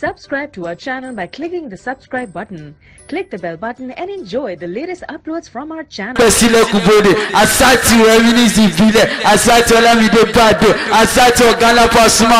Subscribe to our channel by clicking the subscribe button. Click the bell button and enjoy the latest uploads from our channel. àṣàtì àṣàtì àṣàtì Pasuma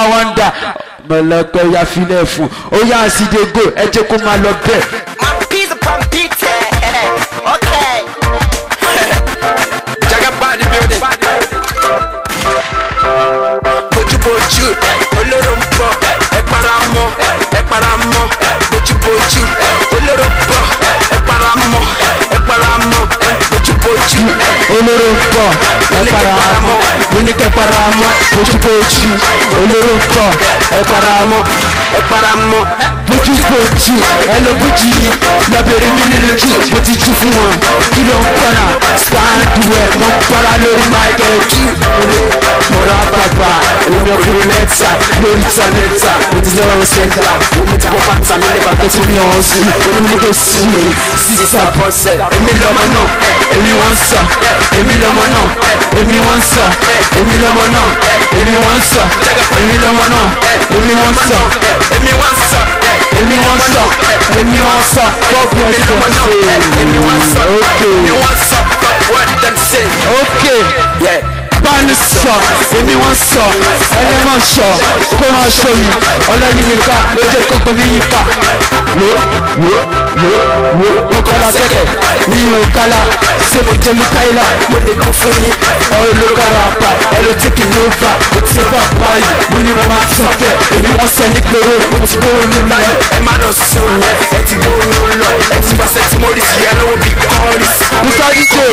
paramọ́ mo ní kẹ́ paramọ́ mo tún bẹ́ẹ̀ jù olóró ń tọ̀ ẹ you, mo tún fòtù ẹlòmíjì lọ́bẹ̀rẹ̀ mi nínú jù mo ti jù fún wọn kí ló ń para sáàdù ẹ̀ mo ń para lórí máìkẹ́ jù mọ̀rọ̀ àbàbà èmi ọkùnrin mẹ́ta lórí ta mẹ́ta mo ti lọ́wọ́ mi sẹ́ńtà mo ti bọ́ pátá mi lẹ́bàá tó tún yàn án sùn èmi ní kò sí mi sísá bọ́sẹ̀ èmi lọ́mọ náà èmi wọ́n sọ èmi lọ́mọ náà èmi wọ́n sọ èmi lọ́mọ náà èmi wọ́n sọ èmi lọ́mọ náà èmi wọ́n sọ èmi wọ́n sọ. Give me one shot, give me one shot, fuck what you say. Okay. Okay. Yeah bani sọ èmi I sọ ẹni máa sọ kó máa sọ yìí ọlẹ́ni mi ká ló no kókó ní yíká wo wo wo no, mo kọ́ la kẹ́kẹ́ nínú kálá ṣé mo jẹ́ mi káyìlá mo lè kó fún yín ọ̀rọ̀ ló kára pa ẹ̀rọ tí kì í ló fà mo ti bá to yìí mo ní mo to sọ kẹ́ èmi wọ́n sẹ́ ní péré mo ti kó ní lọ ẹ má lọ sí òun ẹ ti kó ní lọ ẹ ti bá sẹ́tí mọ́rìsì yẹn lọ́wọ́ bí kọ́ọ̀rì. musa jíjẹ.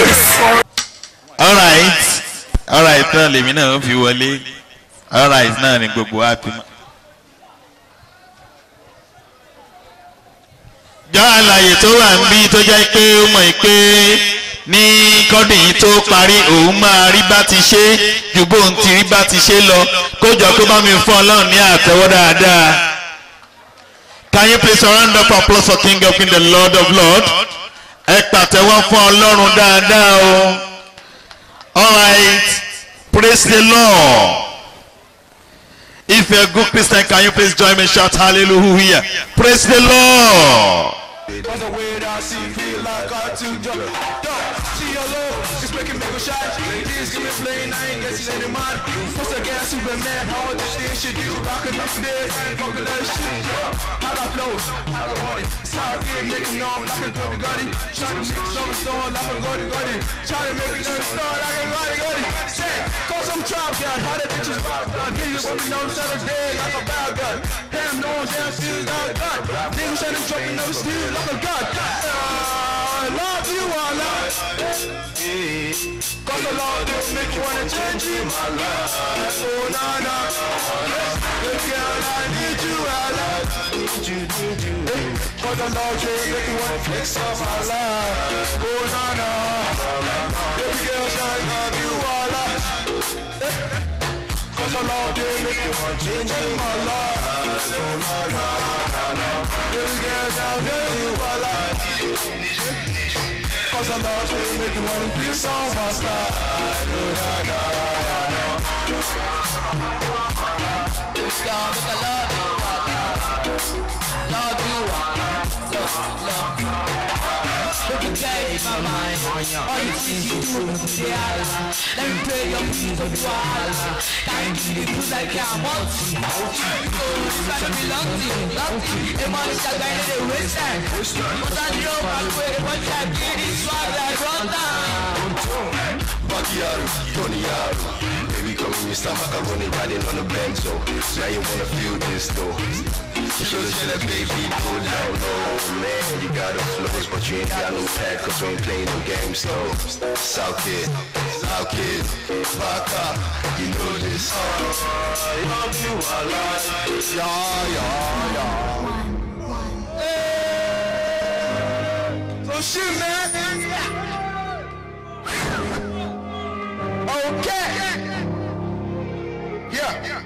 all right. alright náà lèmi náà fi wọlé alright náà ni gbogbo happy. já àlàyé tó wà ń bí tó jẹ́ pé ó mọ̀ pé ní kọ́dún yìí tó parí òun máa rí bá ti ṣe ju bóun ti rí bá ti ṣe lọ kó jọ bá mi fún ọlọ́run ní àtẹ́wọ́ dáadáa. Can you please round up applause for King of Kings the Lord of Lords? ẹ pàtẹ́wọ́ fún ọlọ́run dáadáa o. All right. Praise the Lord. If you're a good Christian, can you please join me shout hallelujah? Praise the Lord. shit you rockin' upstairs Fuckin' that shit, yeah How about flows, how about party Sorry, nigga, know I'm knockin' through the gully Try to mix on the store, like I'm gully gully Try to make it look star, like I'm gully gully Say, cause I'm trap gun How the bitches pop gun Niggas want me know I'm selling dead like a bow gun Damn, no one's down, still got a gun Niggas tryna drop another steel like a god Cause the Lord is making wanna change my life Oh na na Hey girl I need you I like Need you need you Cause the Lord is making wanna fix up my life Oh na na Baby girl I love you I like Cause the Lord is making wanna change my life Oh na na Baby girl I love you I like Cause I love you, make you wanna be so my side Y'all make I love you Love you Love, love Look at change my mind All you see you do the Allah Let me pray your sins on you Allah Thank you, it's like I want to Oh, it's like I belong to you, belong to you The money's a guy that they waste time But I know my way, but I get it So I'm like, run down Backyard, Tony Baby, come in, Mr. Macaroni Riding on the bench, Now you wanna feel this, though you she looks like baby, pull down low Man, you got a flows, but you ain't got no pack Cause we ain't playing no games, no South kid, south kid, vodka You know this I love you, I love you Yeah, yeah, yeah Hey, so shit, man Okay yeah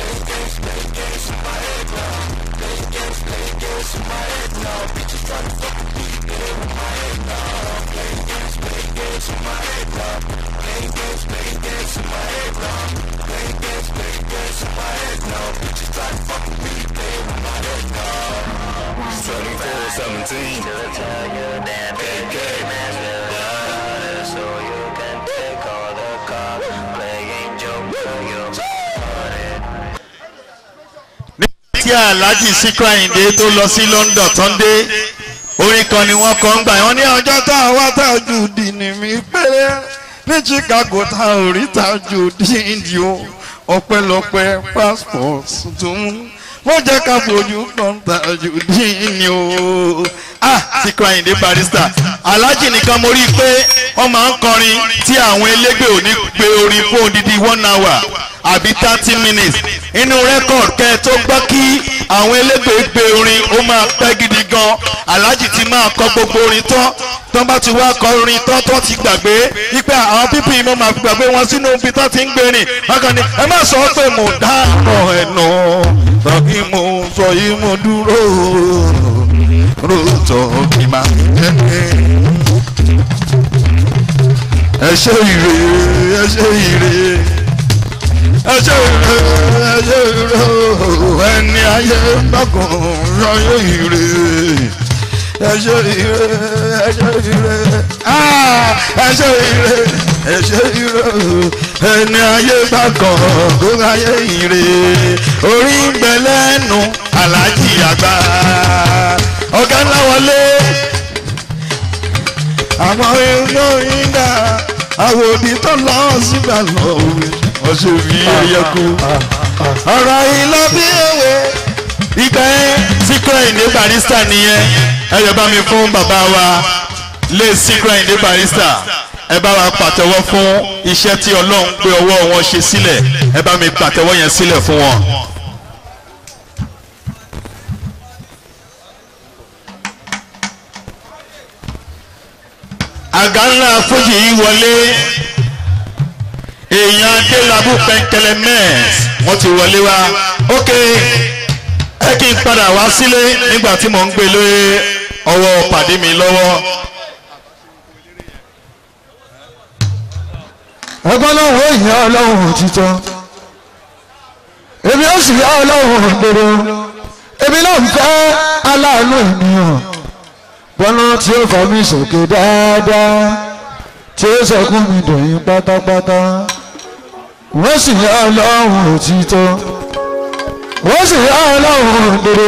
Playing games, playing in my head now. Playing games, playing to fuck with me, get it with in my head now. Playing games, in my head now. Playing games, in my head now. Bitches trying to fuck me, get it my head now. 24, 17. tell you that. Big kí alhaji Síkírù Àyìndé tó lọ sí London tó ń dé orin kan ni wọ́n kọ́ ń gbà wọ́n ní ọjọ́ tá a wá tá a jù dì ní mi péré ní Chicago tá a ò rí tá a jù dì ìdí o ọpẹ́lọpẹ́ passport tuntun wọ́n jẹ́ ká fojú kan tá a jù dì ní o ah Síkírù Àyìndé barista alhaji nìkan mo rí i pé wọ́n máa ń kọrin tí àwọn ẹlẹ́gbẹ́ ò pe orin fún odidi one hour àbí thirty minutes inú rẹ́kọ̀d kẹ́ ẹ tó gbọ́ kí àwọn elégbèé gbé orin ó máa pẹ́ gidi gan aláàjì ti máa kọ gbogbo orin tán tán bá ti wá kọ orin tán tán ti gbàgbé wípé àwọn pípì mo máa fi gbàgbé wọn sínú ibi tán ti ń gbé bákan ni ẹ má sọ pé mo dá ọ̀ ẹ̀nà tàbí mo sọ yìí mo dúró ròótọ́ kí máa jẹ́ ẹ ṣe ire ẹ ṣe ire ẹṣẹ ẹyẹ rẹ ẹni ayé bákan ráyé ire ẹṣẹ ire ẹṣẹ ire ẹṣẹ ah, ire ẹṣẹ ire ẹni ayé bákan ráyé ire orí gbẹlẹ́nu aláàjì àgbà ọ̀gá ńlá wọlé àwọn inú ìdá àwòdì tó lọ sígbà lọ òwe wọ́n ṣe fi ẹyẹ kú. ọ̀rọ̀ yìí lọ bí ewé. ìgbà yẹn Sikiru Ayinde Barrister nìyẹn ẹ yọ bá mi fún bàbá wa lé Sikiru Ayinde Barrister ẹ bá wa pàtẹ́wọ́ fún iṣẹ́ tí ọlọ́run gbé ọwọ́ wọn ṣe sílẹ̀ ẹ bá mi pàtẹ́wọ́ yẹn sílẹ̀ fún wọn. àga ńlá fújì yìí wọlé èèyàn adélábù pẹ́ńkẹ́lẹ́ mẹ́ẹ̀s wọ́n ti wọlé wa ok ẹ kí n padà wá sílé nígbà tí mò ń gbé lé ọwọ́ pàdé mi lọ́wọ́. ẹgbọ́n náà wọ́n ìyá ọlọ́run òtítọ́ èmi ó sì yá ọlọ́run òdodo èmi náà ń fẹ́ aláàánú ènìyàn bọ́lá tí ó fọ́ mi sókè dáadáa tí ó sọ fún mi dòyìn pátápátá wọ́n sì ní ọlọ́run òtítọ́ wọ́n sì ní ọlọ́run òdodo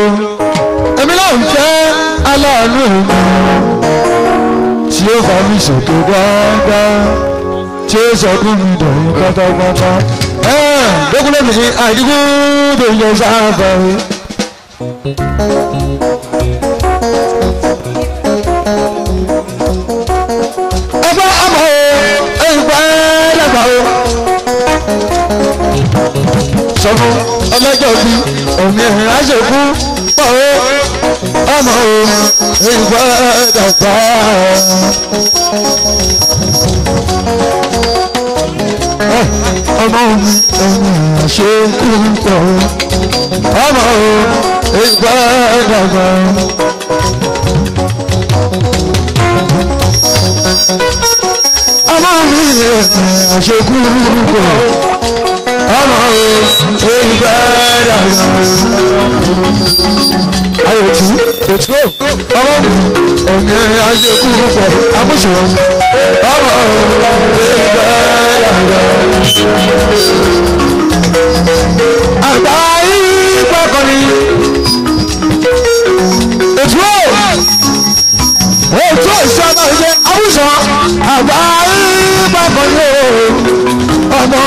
èmi náà ń fẹ́ aláàánú mi tí ó fa mi sòkè dáadáa tí ó sọ fún mi dọ̀yìn pátápátá. dókúlẹ̀ mi tó ń jẹ sáà bàrẹ̀. lọ́jọ́ bí omi ìrìn àṣekú pọ̀ ó ọmọ ìwà dàgbà. ọmọ mi omi àṣekú pọ̀ ó ọmọ ìwà dàgbà. ọmọ mi ìrìn àṣekú pọ̀ ó ọmọ olùbẹ́ẹ̀dà ayò tí ètò ọmọ òní ajẹ́kù púpọ̀ àmúṣe ọmọ olùbẹ́ẹ̀dà àgbà yìí pẹ́kọ̀ ni ètò ètò ìṣọ́nà ìṣe àmúṣe àgbà yìí pẹ́kọ̀ ni ọmọ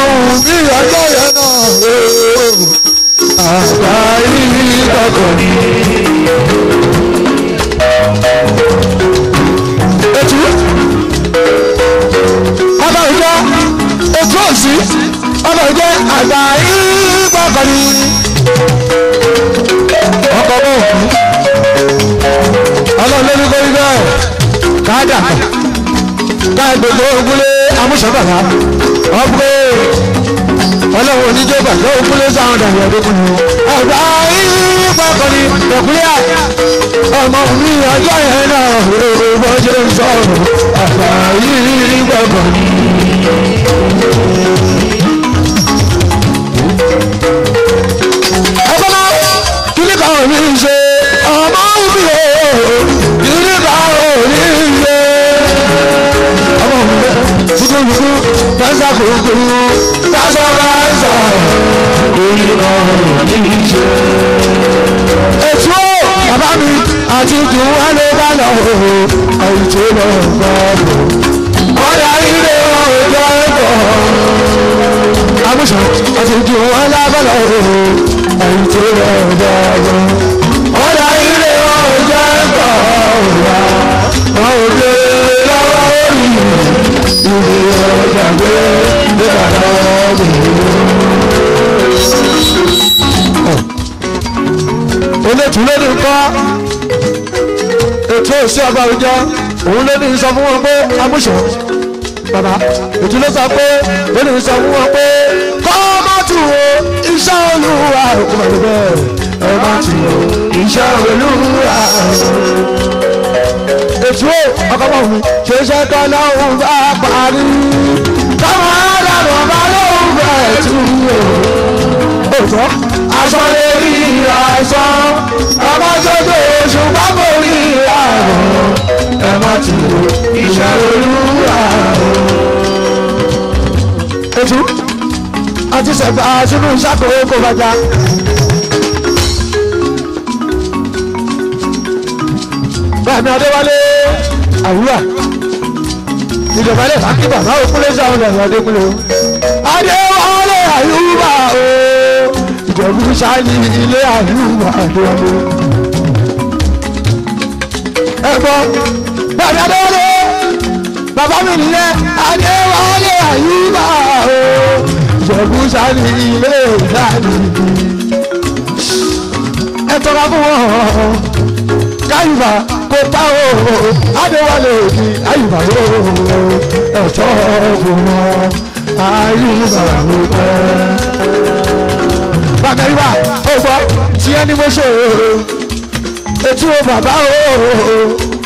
òní ajẹ́kù láyé kọ̀kọ̀ ni. Ètú ọba ìjọ ètú òsì ọba ìjọ àgbà yìí kọ̀kọ̀ ni. Ọkọ̀ bọ̀ òkú ọlọ́run lórí kórí bẹ́ẹ̀ káàdà káàdà gbogbo ogúnlé amúṣọ́gbàgbà ọ̀pẹ́ ọlọ́run oníjọba lọ́wọ́ kúlẹ̀ sáwọn ọ̀dà ìyàwó kan ni. ọ̀gá yìí pàkọ́ ni ẹ̀kúlẹ̀ ọmọ mi ọjọ́ yẹn náà ròrò bọ́jọ́ sọ̀rọ̀ ọ̀gá yìí pàkọ́ ni. ẹgbẹ́ kíní kan ò ní ṣe ọmọ mi ò kíní kan ò ní ṣe ọmọ mi fúkúfúkú lọ́sàkókò lọ́sàkókò ètò bàbá mi àti dùn wá ló bá lọ àìjẹ lọ bá bọ ọ̀dà ilé ọjọ́ ẹ̀kọ́ àmúṣọ àti dùn wá lábọ́ lọ àìjẹ lọ bá bọ ọ̀dà ilé ọjọ́ ẹ̀kọ́ ọ̀dà ọ̀dà lọ́wọ́ rí síbi ọ̀gbàgbé nígbàdàn ọ̀gbìn. onítùúlẹ́dì ń kọ́ ètò òsì ọba àwùjọ òun lẹ́nu sọ fún wọn pé amúṣọ bàbá ètò ló sọ pé lẹ́nu sọ fún wọn pé kọ́ má tù o iṣẹ́ olúwa òkú bàbá bẹ́ẹ̀ ẹ má tù o iṣẹ́ olúwa èṣù ọkọ̀ mọ̀ mi ṣe iṣẹ́ kan náà ń bá parí. káwọn aráàlú ọba ló ń bẹ̀ tú o. òótọ́ aṣọ lè rí aṣọ ọmọ sójú ṣùgbọ́n kò rí àrùn ẹ má ti lo iṣẹ́ olúwa o. èṣù àti sẹ̀fà sínú ìṣàkóso kò bàjá. Bàmí Adéwálé àwúrà ìjọba ilé fàákì bàbá òkúlé sáwọn ọ̀dọ̀ adékúnlé o. adéwálé àyùbá o ìjọba ìṣáájú ilé àyùbá àdéwálé. ẹ gbọ́ bàbá adéwálé bàbá mi nìyẹn adéwálé àyùbá o ìjọba ìṣáájú ilé ìṣáájú. ẹ tọ́ra fún wọn káyùbá gbogbo ta o adéwálé òbí àyùbá o ẹ̀tọ́ ọ̀gbọ̀n àyùbá o pẹ́. bàmẹ́rìbà tó gbọ́ tí ẹni mo ṣe etí o bàbá o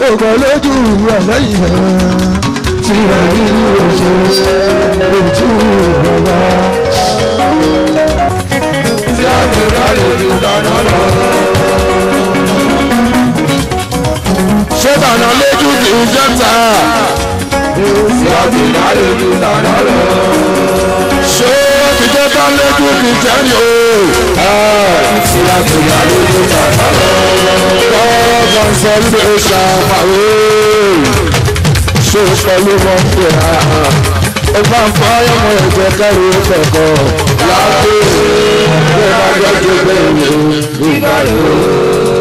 ògbọ́n lójú rẹ̀ lẹ́yìn rẹ̀ tí rẹ̀ rí oṣù etí bàbá. ìyá mi rà lè dùn dáná lọ. ṣé tànà lójú kì í jẹ́ tà. ìwà ti má lójú tànà rẹ̀. ṣé kìjẹ́ tá lójú kì í jẹ́ ni o. ìwà ti má lójú tànà rẹ̀. kọ́ọ̀bù sọ wípé ó ṣàpàwé. ṣé o pẹ̀lú mọ́ pé a. ó bá ń fọ́ ọmọ ẹ̀jẹ̀ kẹ́rù kẹ̀kọ́. láàbù ìgbẹ́ bá jẹ́ gbẹ́gbẹ́ ìlú ìgbà yòó.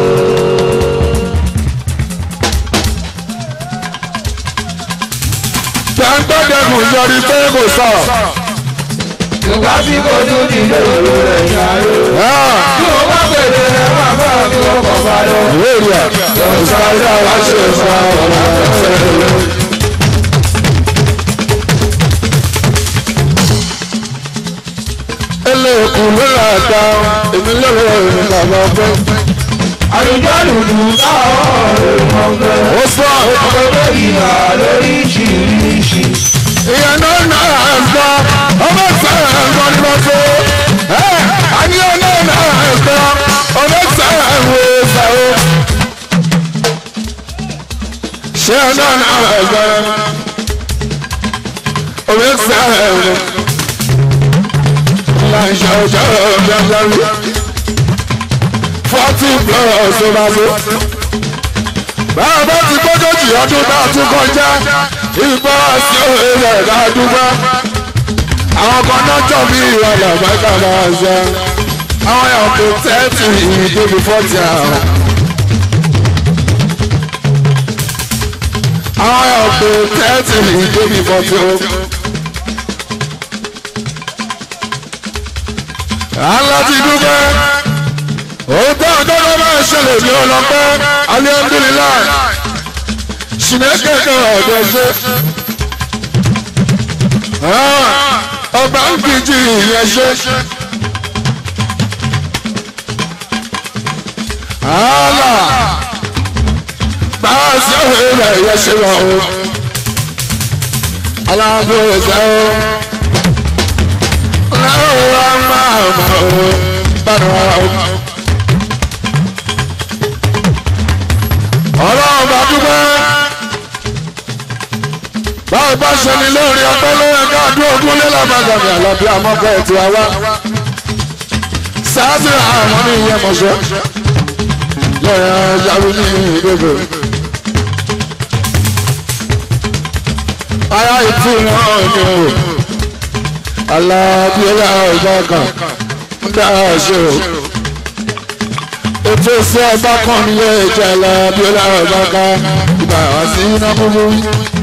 dákun yọrí pé kò sọ̀rọ̀. Yorùbá bí kò tún di lóru rẹ̀ ṣàrò. Tí o bá pèsè rẹ̀ máa bá mi ọkọ̀ bá lọ. Ìwé rẹ̀ lọ sáré àwa ṣe fún àwọn Ẹlẹ́kùn ló rà dá, èmi lọ́wọ́ èmi làwọn ọgbẹ́ àlùjọ́lùdù táwọn ọ̀rẹ́ mọ̀ bẹ́ẹ̀. ó sọ àwọn ọmọ bẹ́ẹ̀ ìhà lóríṣiríṣi ìyànà náà gbọ́ ọmọ sẹ́yìn gbọ́ ni wọ́n so ẹ́ àníyànà náà gbọ́ ọmọ sẹ́yìn wò sẹ́yìn. ṣé ọ̀nà náà gbọ́ ọmọ sẹ́yìn wò. láìsọ ọjọ́ ọ̀gbẹ́gbẹ́rú forty plus ọba so. báwo bá ti gbọ́dọ̀ jì ọdún bá a tún kọjá ìgbọ́ sí rẹ̀ ládùúgbà àwọn kan náà jọ bí ìrọ̀lẹ́ àgbàgbà máa ṣe àwọn èèyàn kò tẹ́tì ìdíbi fọ́tì àwọn. àwọn èèyàn kò tẹ́tì ìdíbi fọ́tì ó. aláti dúpẹ́ òótọ́ ọ̀dọ́ ló máa ṣẹlẹ̀ ní ọlọ́pẹ́ alihamdulilayi. Chineke ga-adozi ah, ọba nkiji ya ṣe ala gbaasi ohere ya ṣe wa o alábòrò sẹ́wọ́ lọ́wọ́ máa mọ̀ ọ́ bá nà ọ́. ọlọ́run bá dúpẹ́ báwo bá ṣẹni lórí ọpẹ́ lórí káàdó ogún lélà bàgàmì àlàbí àmọkọ ẹtì àwa sáàsì àwọn ní ìyẹn mọṣọ lọyà yàrá ní ìdókòwò. ara ìtú wọn ni o àlàbí ẹyà ọgbà kan ń dá ṣe o ètò ìṣe ọgbà kan ni yẹ àlàbí ẹyà ọgbà kan sí iná búburú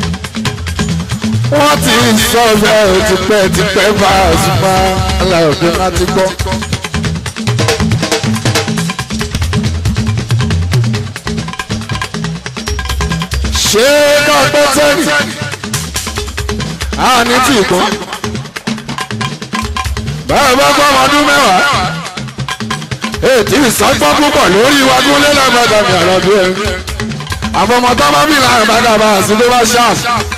wọ́n ti sọ bẹ́ẹ̀ tipẹ́ tipẹ́ bá a Pasuma aláàbẹ̀ láti gbọ́. ṣé kọ́pẹ́ sẹ́yìn a ní tí kan báyọ̀ bá gbọ́ ọmọ ọdún mẹ́wàá ètí ìsọgbọ́n púpọ̀ lórí iwájú lẹ́lẹ́gbẹ̀dàmì àràbí ẹ̀ àfọmọ́tọ́ bá bì láàrin bàdàbà àti tó bá ṣáàfù.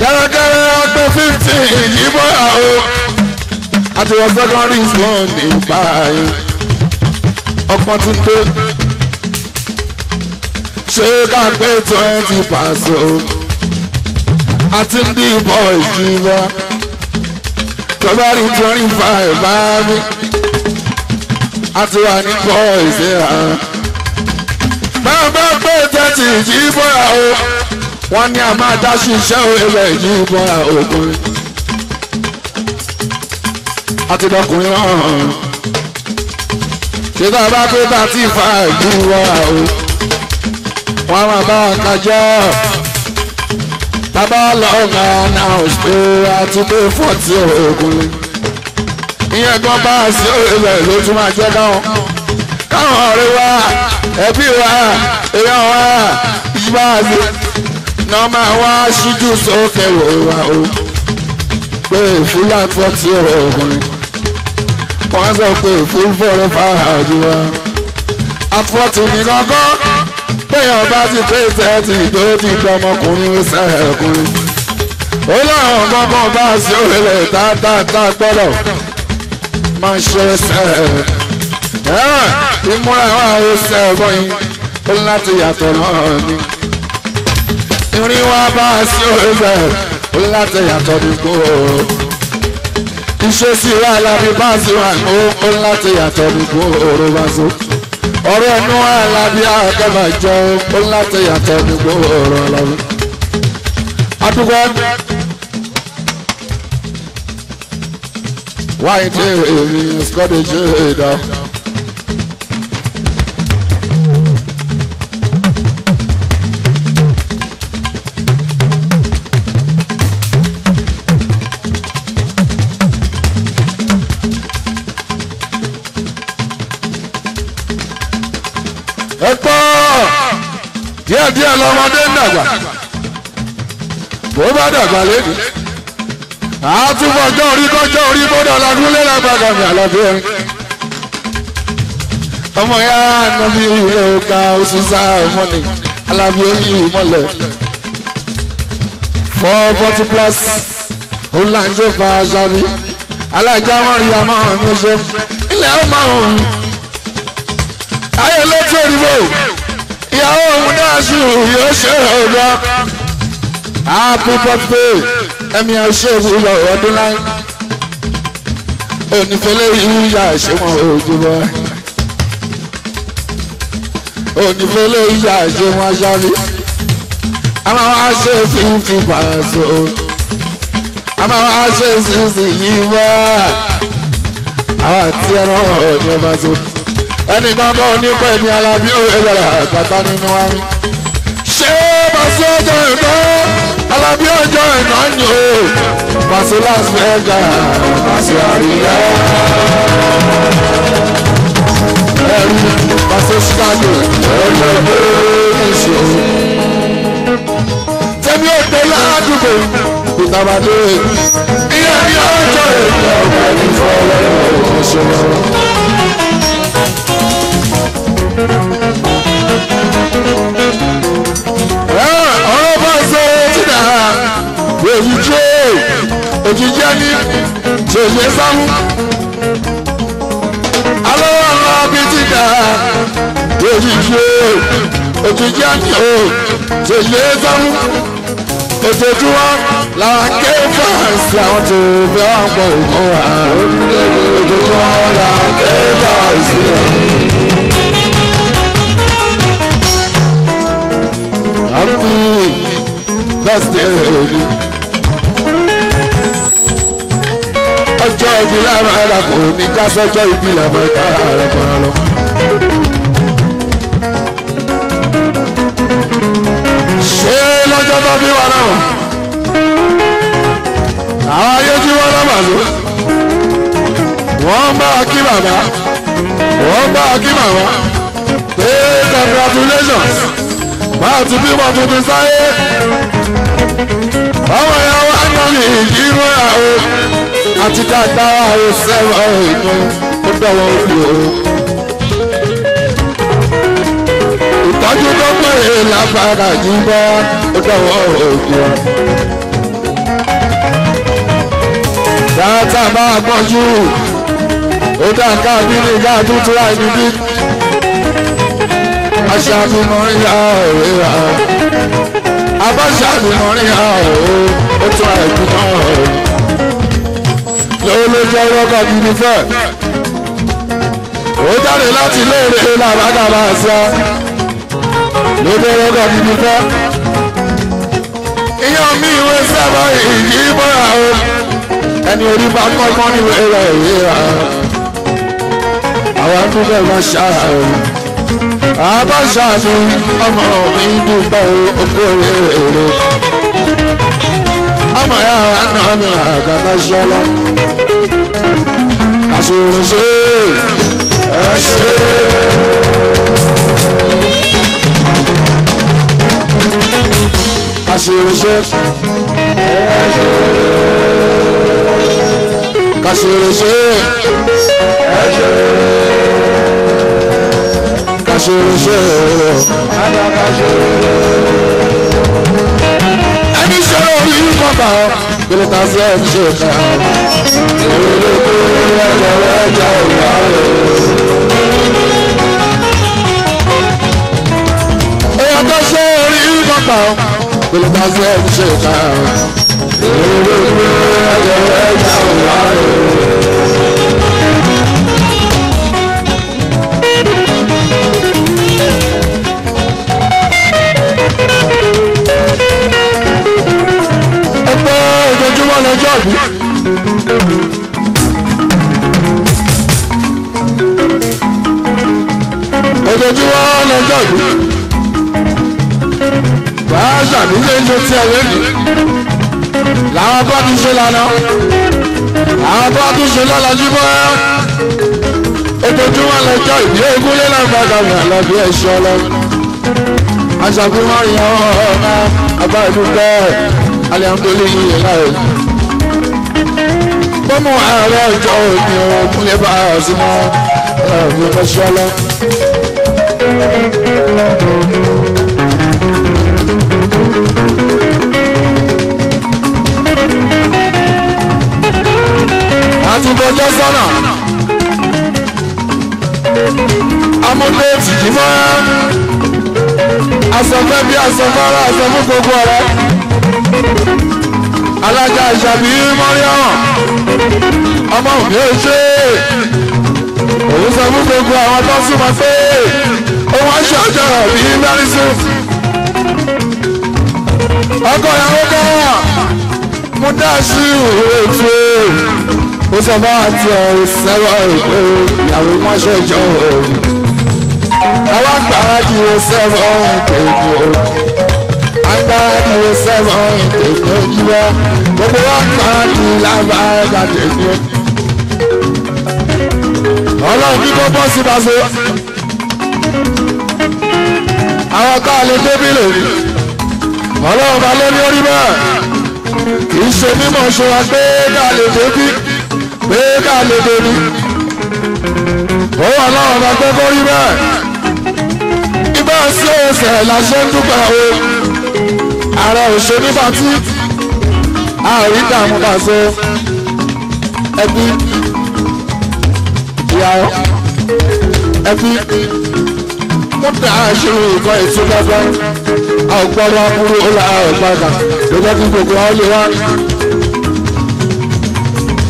kẹ́rẹ́kẹ́rẹ́ ọgbẹ́ fífì ìyíbọ̀ o àti wọ sẹ́kọ́ndì sùn nípa ẹ̀ ọpọ́n ti tó ṣé ká pé twenty pàṣẹ o àti ndí ìbọ̀ ìjìnlá tọ́lá rí twenty five bá mi àti wà ní bọ́ọ̀ ìṣe hàn. bá a bá pé twenty ìjìnlá o wọ́n ní a máa dá sí iṣẹ́ ilẹ̀ ìlú bọ́ra ògùn àti lọkùnrin ọ̀hún a bá pé bá ti fa ìlú bọ́ra o wọ́n máa bá a kájọ́ bàbá lọ́gà náà pé a ti pé fọ́ọ̀tì ògùn ìyẹn gan bá a sí ilẹ̀ ló tún máa jẹ́ káwọn káwọn ọ̀rẹ́ wa ẹbí wa èèyàn wa ìbáraẹni iná máa wá ṣíjú sókè wò wá o pé fúlàn tó ti rẹ̀ ọkùnrin wọ́n sọ pé fúlfọ́rẹ́ fàájì wa àfọ́tì ní gángan péyàn bá ti pé tẹ́tì tó ti gba ọmọkùnrin sẹ́ẹ̀kùnrin ó láwọn gbọ́ngàn bá ṣe òrèlè dáadáa gbọ́dọ̀ máa ṣe sẹ́ẹ̀ ẹ̀rọ ìmúra wa ó sẹ́ẹ̀ bọ́yìn ó láti yàtọ̀ náà ni irin wa bá a sí òwe ó látẹ̀yàtọ̀ ní kó o ìṣesí wa alábí bá a sí wa ní ó látẹ̀yàtọ̀ ní kó o bá so ọ̀rọ̀ ẹnu wa alábí àgbàbà jọ ó látẹ̀yàtọ̀ ní kó o rọ̀ lọ́wọ́. àdúgbò wáyé tí èmi scottish ṣe é dá. díẹ̀díẹ̀ lọ́mọdé ń dàgbà bó bá dàgbà lédi àtúbọ̀jọ́ orí kọjọ́ orí bọ́dọ̀ lagúnlé lágbàgà mi àlọ́bí ẹni. ọmọ ya nàbí ilé ọ̀gá òṣìṣà ọmọdé alábí ẹni ìmọ̀lẹ̀ four forty plus ọ̀làǹjẹ́ fà ṣàbí alájà mọ̀rin àmọ́ ọ̀hún ṣe ilẹ̀ ọmọ ọ̀hún ayé ló tó òun náà sì yóò ṣe ọ̀dọ́. happy birthday ẹ̀mí ọ̀ṣẹ́ ìwúyọ̀ ọdún láì. onífẹ́lẹ́ ìwúyà ìṣẹ́wọ̀n òjòwọ́. onífẹ́lẹ́ ìyà ìṣẹ́wọ̀n aṣáájú. a máa wá ṣe fífi pàṣẹ o. a máa wá ṣe sísìn yìí wá. àwọn àti ẹran ọ̀dọ́ bá tó ẹnì kan bọ́ onípa ẹ̀mí alábí òyìnbó bàbá nínú wa mi. ṣé bàṣẹ ọjọ́ ìná alábí ọjọ́ ìná ni o bàṣẹ Las Vegas bàṣẹ àríyá ẹ̀rú bàṣẹ Chicago ẹ̀rú ìṣòro. tẹ́mi ò dé ládùúgbò ìtàbàdé ìyá ìyá ọjọ́ ìná ọ̀gbẹ́ni fọwọ́ ìṣòro. ọ̀rọ̀ bá ṣe tí nà á èyí jẹ́ èyí jẹ́ ní tòṣe sámú. alọ́wọ́ ńlá bí tí nà á èyí jẹ́ èyí jẹ́ ní o tòṣe sámú. ètò tí wọ́n àrùbí lọ́sẹ̀ òní. ọjọ́ ibi lára ara kò ní ká sọ́jọ́ ibi làmọ́ ká ara kan lọ. ṣé lọ́jọ́ tó bí wa náà àwọn ayé tí wọ́n náà mà ló wọ́n bá kí bàbá wọ́n bá kí màmá pé congratulations máa ti bímọ tuntun sáyé ọmọ ya wá ná ní ìdíró àwọn àti dáadáa àwọn sẹ́wọ̀n ìlú ó dọ̀wọ́ òbí o. ìtọ́jú tó péré lábára yìí bọ́ ó dọ̀wọ́ òbí o. dáadáa máa pọ́njú ó dáa káàbí ní ká tuntun àìní bíi aṣàfihàn yà òwúrà abáṣàfihàn yà òwò ó tún àìkú náà lówó ló jẹ́ rọ́bà gidi fẹ́ ó jáde láti lóore làbágàbà àṣà ló jẹ́ rọ́bà gidi fẹ́ ìyá mi ìwé sábà ìyí bọ́ra o ẹni orí bá kọ́kọ́ níwèé rẹ̀ ìwé rà àwọn akúgbẹ́ máa ṣáà rẹ̀ abáṣà ni ọmọ mi dúpẹ́ òkú èrè. ọmọ ya náà ni àgàbà ṣọlá. àṣírí ṣe é ṣe é. Kaşırışı Kaşırışı Kaşırışı ṣeré ẹni ṣeré orí bàbá kìlọ̀ ta sí ẹni ṣeré ká èrè ló kó ẹ̀jẹ̀ rẹ̀ jà òyà rẹ̀. èèyàn tó ṣe orí bàbá kìlọ̀ ta ẹni ṣeré ká èrè ló kó ẹ̀jẹ̀ rẹ̀ jà rẹ̀. ojoojúmọ́ lọ́jọ́ ìlú wàá ṣàdúgbò ń lo ti ẹ̀wé mi làwọn bá tún ṣe lánàá làwọn bá tún ṣe lọ́lọ́jú bọ́ ojoojúmọ́ lọ́jọ́ ìdí egúnlé lọ́gbàdà mi àlọ́bí ẹ̀ṣọ́ lọ. aṣàfihàn ìyàwó ọ̀nà àbá ìlú bẹ́ẹ̀ alihamdulilayi gbọ́mọ ààrẹ ọjọ́ òní ogun lè bá a sí mọ́ ẹ̀rọ ìfẹsọ́lá. àtúbọ̀jọ́ sọ́nà amúlé tìjú mọ́ asọ̀fẹ́ bí asọ̀fẹ́ ara asọ̀fún gbogbo ọ̀rẹ́ alájà ìṣàbí mọ́ríọ̀n ọmọ òkè ṣe òun sọ fún gbogbo àwọn tó súnmọ́ pé òun aṣọ ọjọ́ bí mẹ́rìnsìn ọkọ ìyàwó kẹwàá mo dá sí ètò ó sọ bá àti ọ̀rọ̀ sẹ́wà ètò ìyàwó mọ́ṣọ́ ìjọ òun àwọn àgbà á di ọ̀sẹ̀ ọ̀hún kẹ̀kẹ́ agbáriwo sẹ́wọ̀n ètò ìjúwẹ́ gbogbo wọn kan ní lábá ẹ̀ka tèmi. ọlọ́run kí kó bọ́ sí baṣọ. àwọn ká lè débi lòdì ọlọ́run bá lé ní orí bẹ́ẹ̀ kì í ṣe mímọ̀ ṣe wa pé ká lè débi pé ká lè débi. òun ọlọ́run bá gbé kórí bẹ́ẹ̀ ibà sí òsè làṣẹ ń dúpẹ́ o ààrẹ òṣè ní pàtí àárí dààmú pàṣẹ ẹbí ìyàwó ẹbí wọ́n dá aṣọ ìkọ́ ètò gbọ́gbọ́ àgbọ̀rọ̀ akúrú ọ̀là àgbàgbà ló jẹ́ kí gbogbo àwọn lè wá.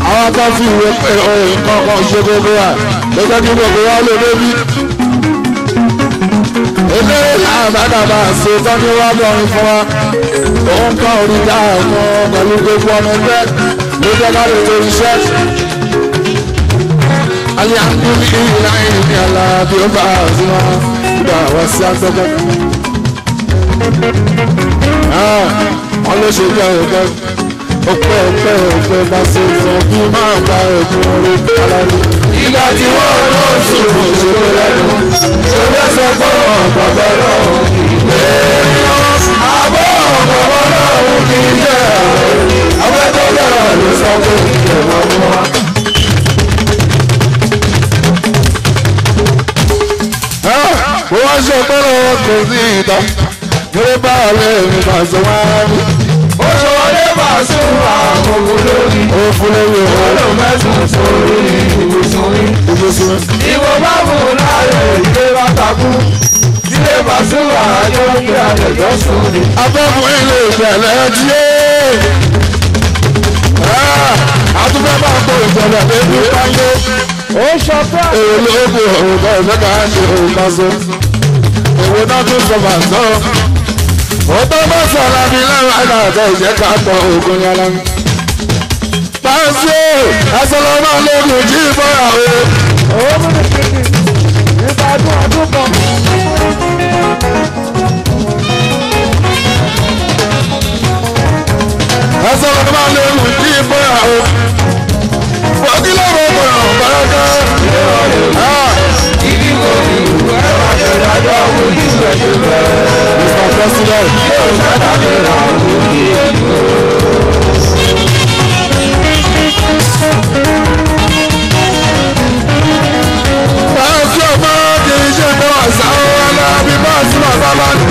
àwọn akọ́ fi ìwé ọ̀rọ̀ nǹkan kan ṣe gbogbo wa ló jẹ́ kí gbogbo wa lè lóbi sádàbà ṣe tán ní wá bọ̀rin fún wa òun kan òrìjà ọ̀kan pẹ̀lú gbogbo ọmọ ẹgbẹ́ ló jẹ́ ká lè tó iṣẹ́. alihamdulilayi láì ní àlá bí ó bá a sí wọn gbà wá sí agbẹ́gbẹ́. Ah, wọ́n ló ṣe jẹ́ ẹ̀gbẹ́ ọpẹ́ ọpẹ́ ọpẹ́ bá ṣe sọ bí máa gba ẹ̀gbọ́n rẹ̀ kálá rí ìgbà tí wọ́n lọ sòrò sòrò lẹ́nu sọ́jà sọ pé ọ̀pọ̀ bẹ̀rẹ̀ òkè ìgbé àbọ̀ ọ̀pọ̀ bẹ̀rẹ̀ òkè ìgbé abẹ́tọ̀ bẹ̀rẹ̀ ló sọ pé ìjẹ̀mọ̀ fún wa. wọ́n wá sọ pé ọ̀rọ̀ kò ní ìta ní bá a lè rìn wá rí. Wàásù àwọn olórí. Ó fún lórí owó. Ó lò mẹ́sùn sórí ìbùsùn mi. Ìbùsùn mi. Ìwọ bá mú láàyè ilé bá takú. Ilé Bàṣúwà yóò gbé àjẹjọ́ sùn ni. Abẹ́mu ilé ìbẹ̀lẹ̀ díẹ̀. Àtúfẹ́ ah, bá ń kó ìbẹ̀lẹ̀ débi pálí. Ó sọ pé. Èrò ló ń bọ̀ òǹkà ìfẹ́ ká ń ṣe òǹkà so. Èwo náà tún sọ bàtọ́. Bọ́tọ́ bá sọ̀rọ̀ mi lẹ́wọ̀n àná àtẹ ká tọ ògùn yàrá. Pàṣẹ àṣọlọ náà lóògùn jí bọ́ra o. Owó múni kìkì ìbádùn ọdún kan. Àṣọlọ náà lóògùn jí bọ́ra o. Bọ́kí lọ́wọ́ bọ̀rọ̀ bàrẹ́kẹ́. Ibi wo ni ìwà? Ah. Mr. President. Báyọ̀sí ọmọ kì í ṣe pé àṣà òun aláàbí bá sí bàbá bá ní.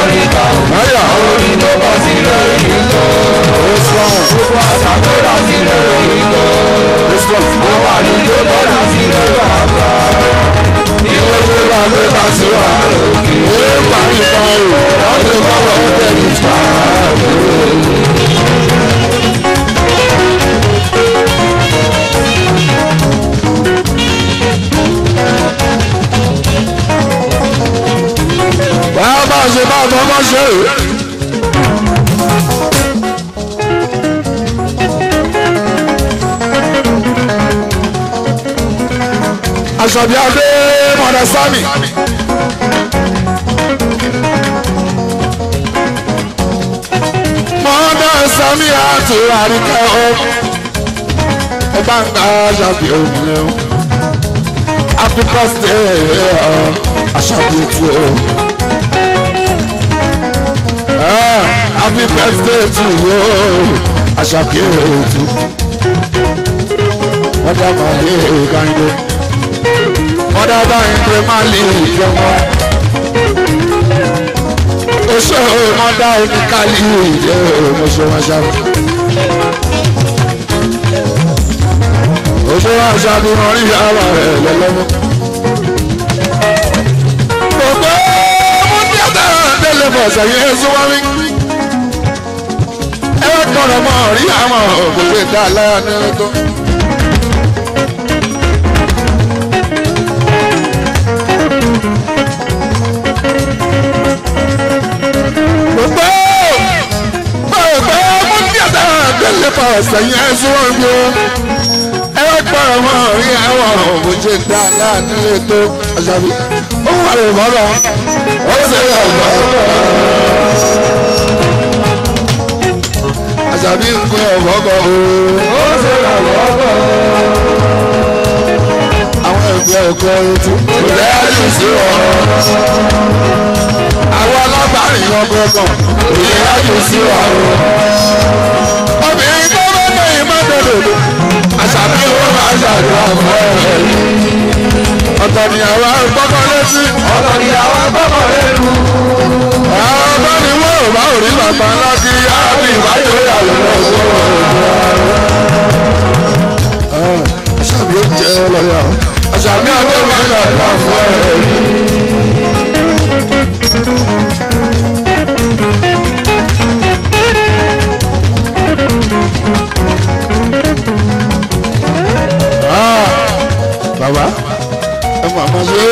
Oríta òmìnira orí ló bọ́ sí lórí ìlú. Ó sọ wọn. Gbogbo àṣà tó rà sí lórí ìlú. Ó sọ wọn. Àwọn àdúgbò tó rà sí lórí àgbà ṣe bá ṣe bá ṣe wà òkè èèpà nípa ìwò wọ́n ṣe bọ́lọ̀ tẹ̀ nípa ìwò. báyọ̀ bá ṣe bá ọmọ ọmọ ṣe é. aṣọ bí abẹ́ understand me. mọ́dà sami àti àríkẹ́ o ẹ bá ń gbà ṣàbí òmìnira o happy birthday àṣàbí ètò o. Happy birthday to you, Àṣàbí ètò. Ọjà màlẹ́ ìgbàgbọ́. Mother dying primarily ìjọba. Ó ṣe o mọ́dá oníkálí ìjẹ́ òmùsùnmáṣá. Ó ṣe wá ṣáàbí wọn rí ara rẹ̀ lọ́lọ́mọ́. Gbogbo mú ní ọ̀daràn tẹ́lẹ̀ fọ̀sẹ̀ yẹn súnmọ́ mi. Ẹ wá kọ̀rọ̀ mọ́ rí àwọn òkùnkùn ìdá aláya ní ọdún. pa sẹ́yìn ẹ̀sùn gbó ẹ pa ọmọ rí ẹwọ̀n òun ṣe dá láàdúrà tó àṣàbí ó wà lè bọ́ lọ ó ṣe yà bọ́ lọ. àṣàbí ń pín ọ̀bọ̀ bọ̀ ó ṣe yà bọ́ lọ. àwọn ẹgbẹ́ ọkọ ètò kò lẹ́yìn sí ọ. àwọn alábàárìn ọgọgàn kò lẹ́yìn sí ọ òde àṣàbí owó máa ṣàdúrà fún ọ̀rẹ́ yìí. ọ̀tọ̀ ni àwa gbọ́kọ̀ létí. ọ̀tọ̀ ni àwa gbọ́kọ̀ lẹ́nu. àwọn bá ní wọ́n ò bá òrí bàbá ńlá kí ábí ó yàgò lọ sí ah, ọ̀rẹ́ àṣàbí ó jẹ́ lọ́yà àṣàbí owó máa ṣàdúrà fún ọ̀rẹ́ yìí. bàbá ẹ mà mọ pé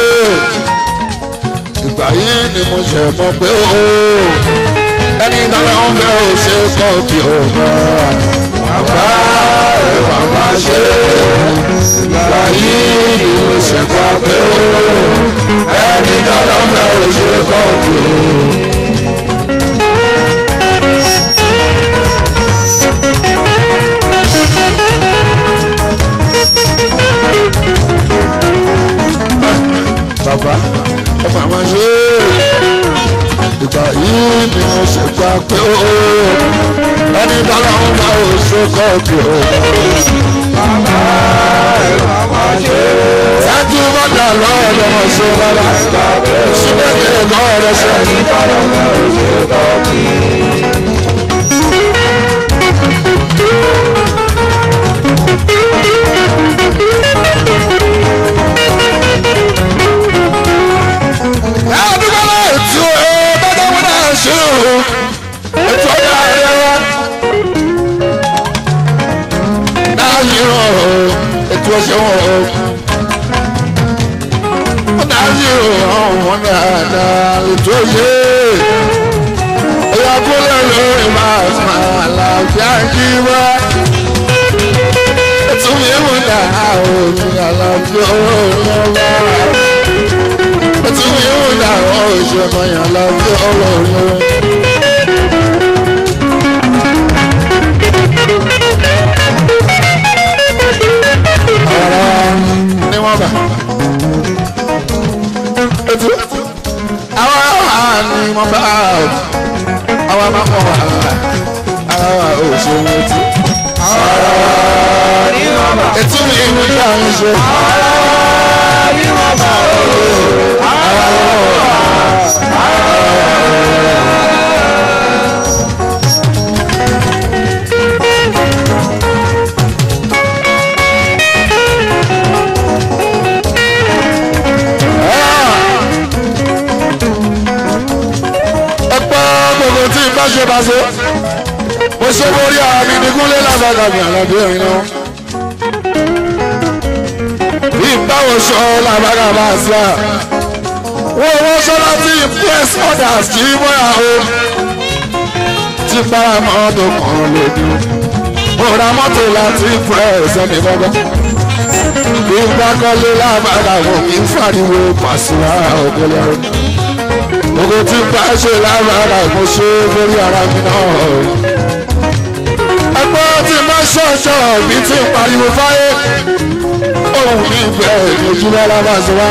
ìgbà yìí ni mo ṣe mọ pé o ẹni dára ń bẹ ò ṣe kọ́ọ̀kì ò mọ́ bàbá ẹ mà má ṣe ìgbà yìí ni mo ṣe gbà pé o ẹni dára ń bẹ ò ṣe kọ́ọ̀kì ò mọ́. bàbá ọmọ àwọn ṣe ìgbà yìí ni mo ṣe gbà pé ó ẹni dára ń bá oṣù kọ́ọ̀tù ó. bàbá mọ́tà lọ́wọ́ lọ́mọ ṣe bàbá ṣùgbọ́n lọ́wọ́ lọ ṣe. ẹni dára ń bá oṣù kọ́ọ̀tù. Thank you. Bashiru ètò ọ̀yà ẹ̀rọ náà yìíràn o ètò ọ̀ṣẹ̀wọ̀n o náà yìíràn ọ̀hún dáadáa ètò ọ̀ṣẹ̀ ẹ̀yà kúlẹ̀ lórí máa sàn àlàáfíà jí wá ètò yìí mú dáa o ní àlàáfíà ó lọ́wọ́ làwọn òṣèlú yàn láti ọlọ́run. ni mo bá àwa máa kọ́ àwa òṣèlú etí. Ètú mi ìlú yà ń ṣe. Àwa ni mo bá ṣe bá ṣe mo ṣe borí ara mi ní kúnlé lábàgà mi àlàbí ẹ̀rín náà. bí wo owó sọ́lá tí impress others kì í mọ́ra o tí bára mọ́tò kan lòdì mo ra mọ́tò láti impress ẹni gbọ́gbọ́ bí n bá kọ́lé lábàdà mo kì í fariwo pàṣíwá ògbélé ọ̀rọ̀ gbogbo tí n bá ṣe lábàdà mo ṣe lórí ara mi náà ẹgbẹ́ tí n bá ṣọ̀ṣọ̀ bí tí n pariwo fáyé òun ní ìgbẹ́ ìlú jùlọ lábàṣíwá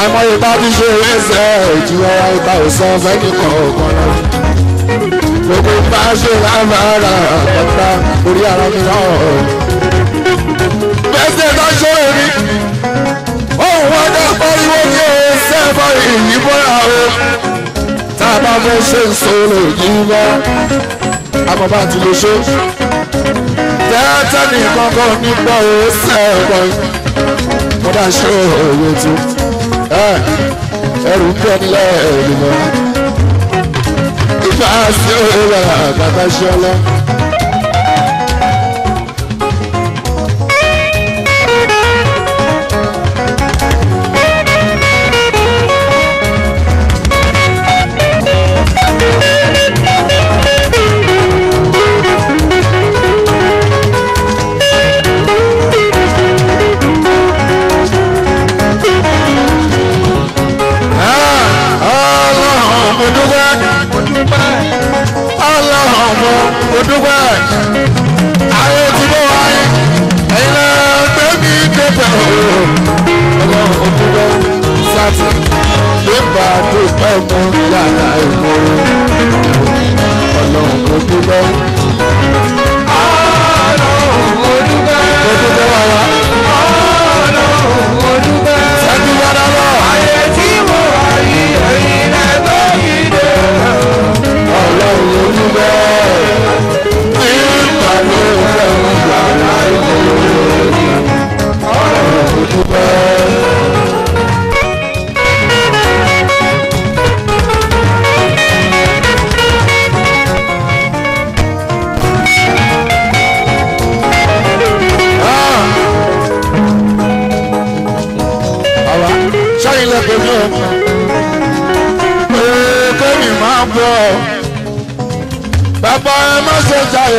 àìmọye bá bí ṣe ẹsẹ̀ ojú ara ìta ò san fẹ́ni kọ̀ọ̀kan náà. gbogbo bá ṣe lámàrà àpáta orí ara mi náà. bẹ́sẹ̀ bá ṣe rí ohun wọn dá pariwo ní ẹsẹ̀ bọ́ ìlú bọ́ra o. tá a bá fẹ́ ṣe ń sọ lòdì mọ́ àmọ́ bá ti lè ṣe. tẹ́tẹ́ nìkan kan nígbà ó sẹ́ẹ̀kọ́ mo bá ṣe òye tuntun. Ah, ẹrù ń bọ̀ nílẹ̀ olùmọ̀ ifá sí òwúrọ̀ bàbá ṣọlá.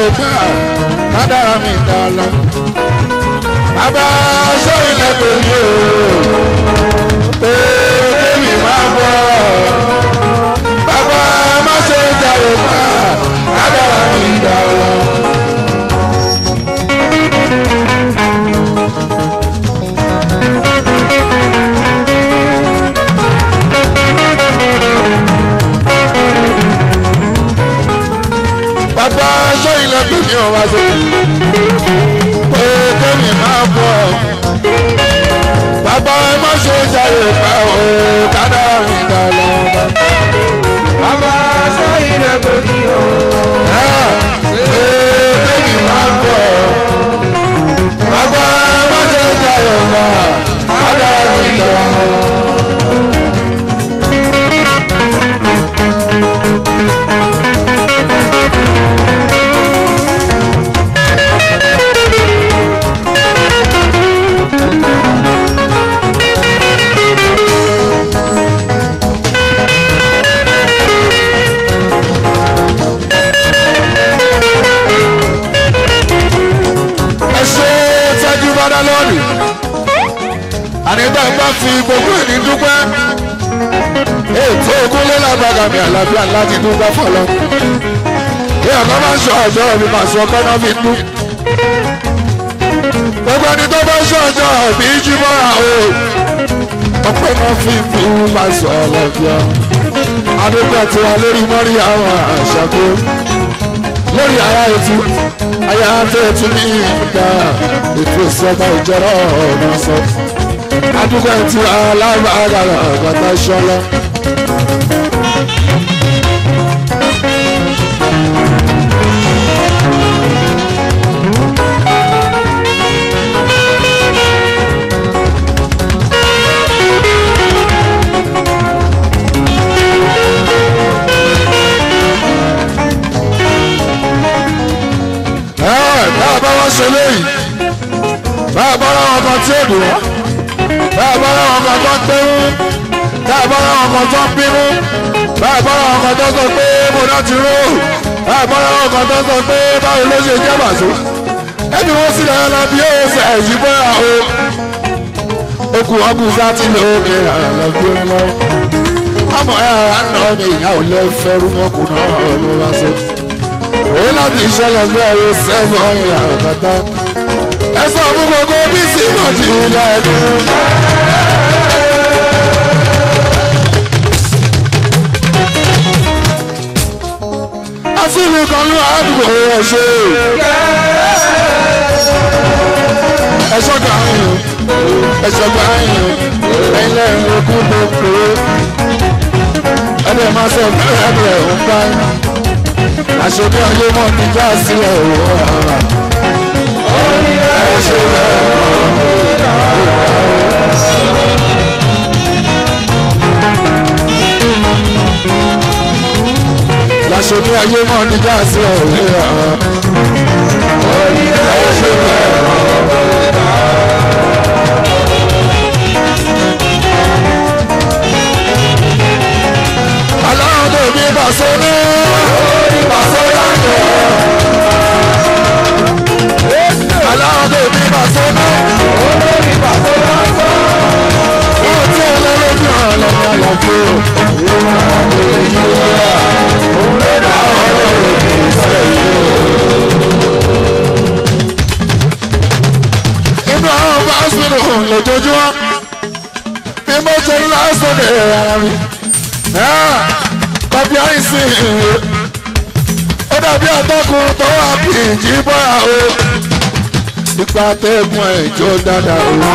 ètò kádàrá mi dà bàbá sórí lẹ́kọ̀ọ́ yìí o. náà wá sí. pé kémi máa bọ̀ bàbá ẹ má ṣe jayé pa o kádà bàbá sáyìn rẹ̀ kò o. pé kémi máa bọ̀ bàbá ẹ má ṣe jayé pa kádà mi fi gbogbo ìní dúpẹ́ ètò ogúnlé lágbàgà mi àlàáfíà láti dúpẹ́ fọlọ bí ọkọ bá ń sọ ọjọ́ mi màá sọ ọkọ náà fi dú gbogbo ẹni tó bá ń sọ ọjọ́ mi jí mọ́ra o ọpẹ́ náà fi fún màá sọ ọlọ́fíà adúgbò tí wọn lórí mọ́rí àwọn àṣàkó lórí ara ètò ayé àti ètò ní ìgbà ètò ìsọba ìjọra ọ̀nà sọ́tún adúgbò ti alágbára ọ̀gọ́tà ṣọlá. ṣe léyìí bá a bá wọn kan tí èdè wọn báyìí bá láwọn kan tó ń tẹ́wọ́ báyìí bá láwọn kan tó ń bímú báyìí bá láwọn kan tó sọ pé mo náà ti rú báyìí bá láwọn kan tó sọ pé báwo ló ṣe jẹ́ bàṣọ. ẹbí wọn sì lọ́yọ́ lọ bí yóò ṣe ẹ̀yìn bọ́ àwọ okùn ọkùn sátì ló ní àlọ́ bí ó lọ. àmọ́ ẹ̀ àná ni ìyá ò fẹ́ rú mọ́kùnrin náà ló wá sí. òun láti ìṣẹ́yọ̀ bí ọ̀rọ̀ sẹ́fọ̀ọ́ ìyá àgbàdá ẹ sọ fún gbogbo bísí mọ̀jì Asinu kanu kan ló àdúgbò ẹ ṣe. ẹ ṣọ́gà yín ẹ ṣọ́gà yín ẹ̀yin lẹ́yìn ogún ló pé ẹni máa sọ fún ẹni ẹ̀ ń bá àṣọbí ọlẹ́mọ̀ níjà sílẹ̀ òwò ọ̀ràn ṣojú ayé mọ́ ní gáàsì ọ̀rẹ́ rà. Oyin ẹ̀ ṣe bẹ̀rẹ̀ ọ̀rẹ́ rà. Aláàbò mi bàṣọ aláàdé mi mi Pasuma olórí Pasuma sọ. wọ́n ti ẹlẹ́lẹ́bí ọ̀lẹ́ àlàfo ìwà àdéhùyà òǹdà ọlọ́run kì í sẹ́yìn. inú àwọn bá sùn lójoojúmọ́ bí mo ṣe ń lásán ní ara mi tàbí àìsàn ó dàbí àtọkùn tó wà kì í jí bọ́ra o ipa tẹ́gun ẹ̀jọ́ dáadáa o.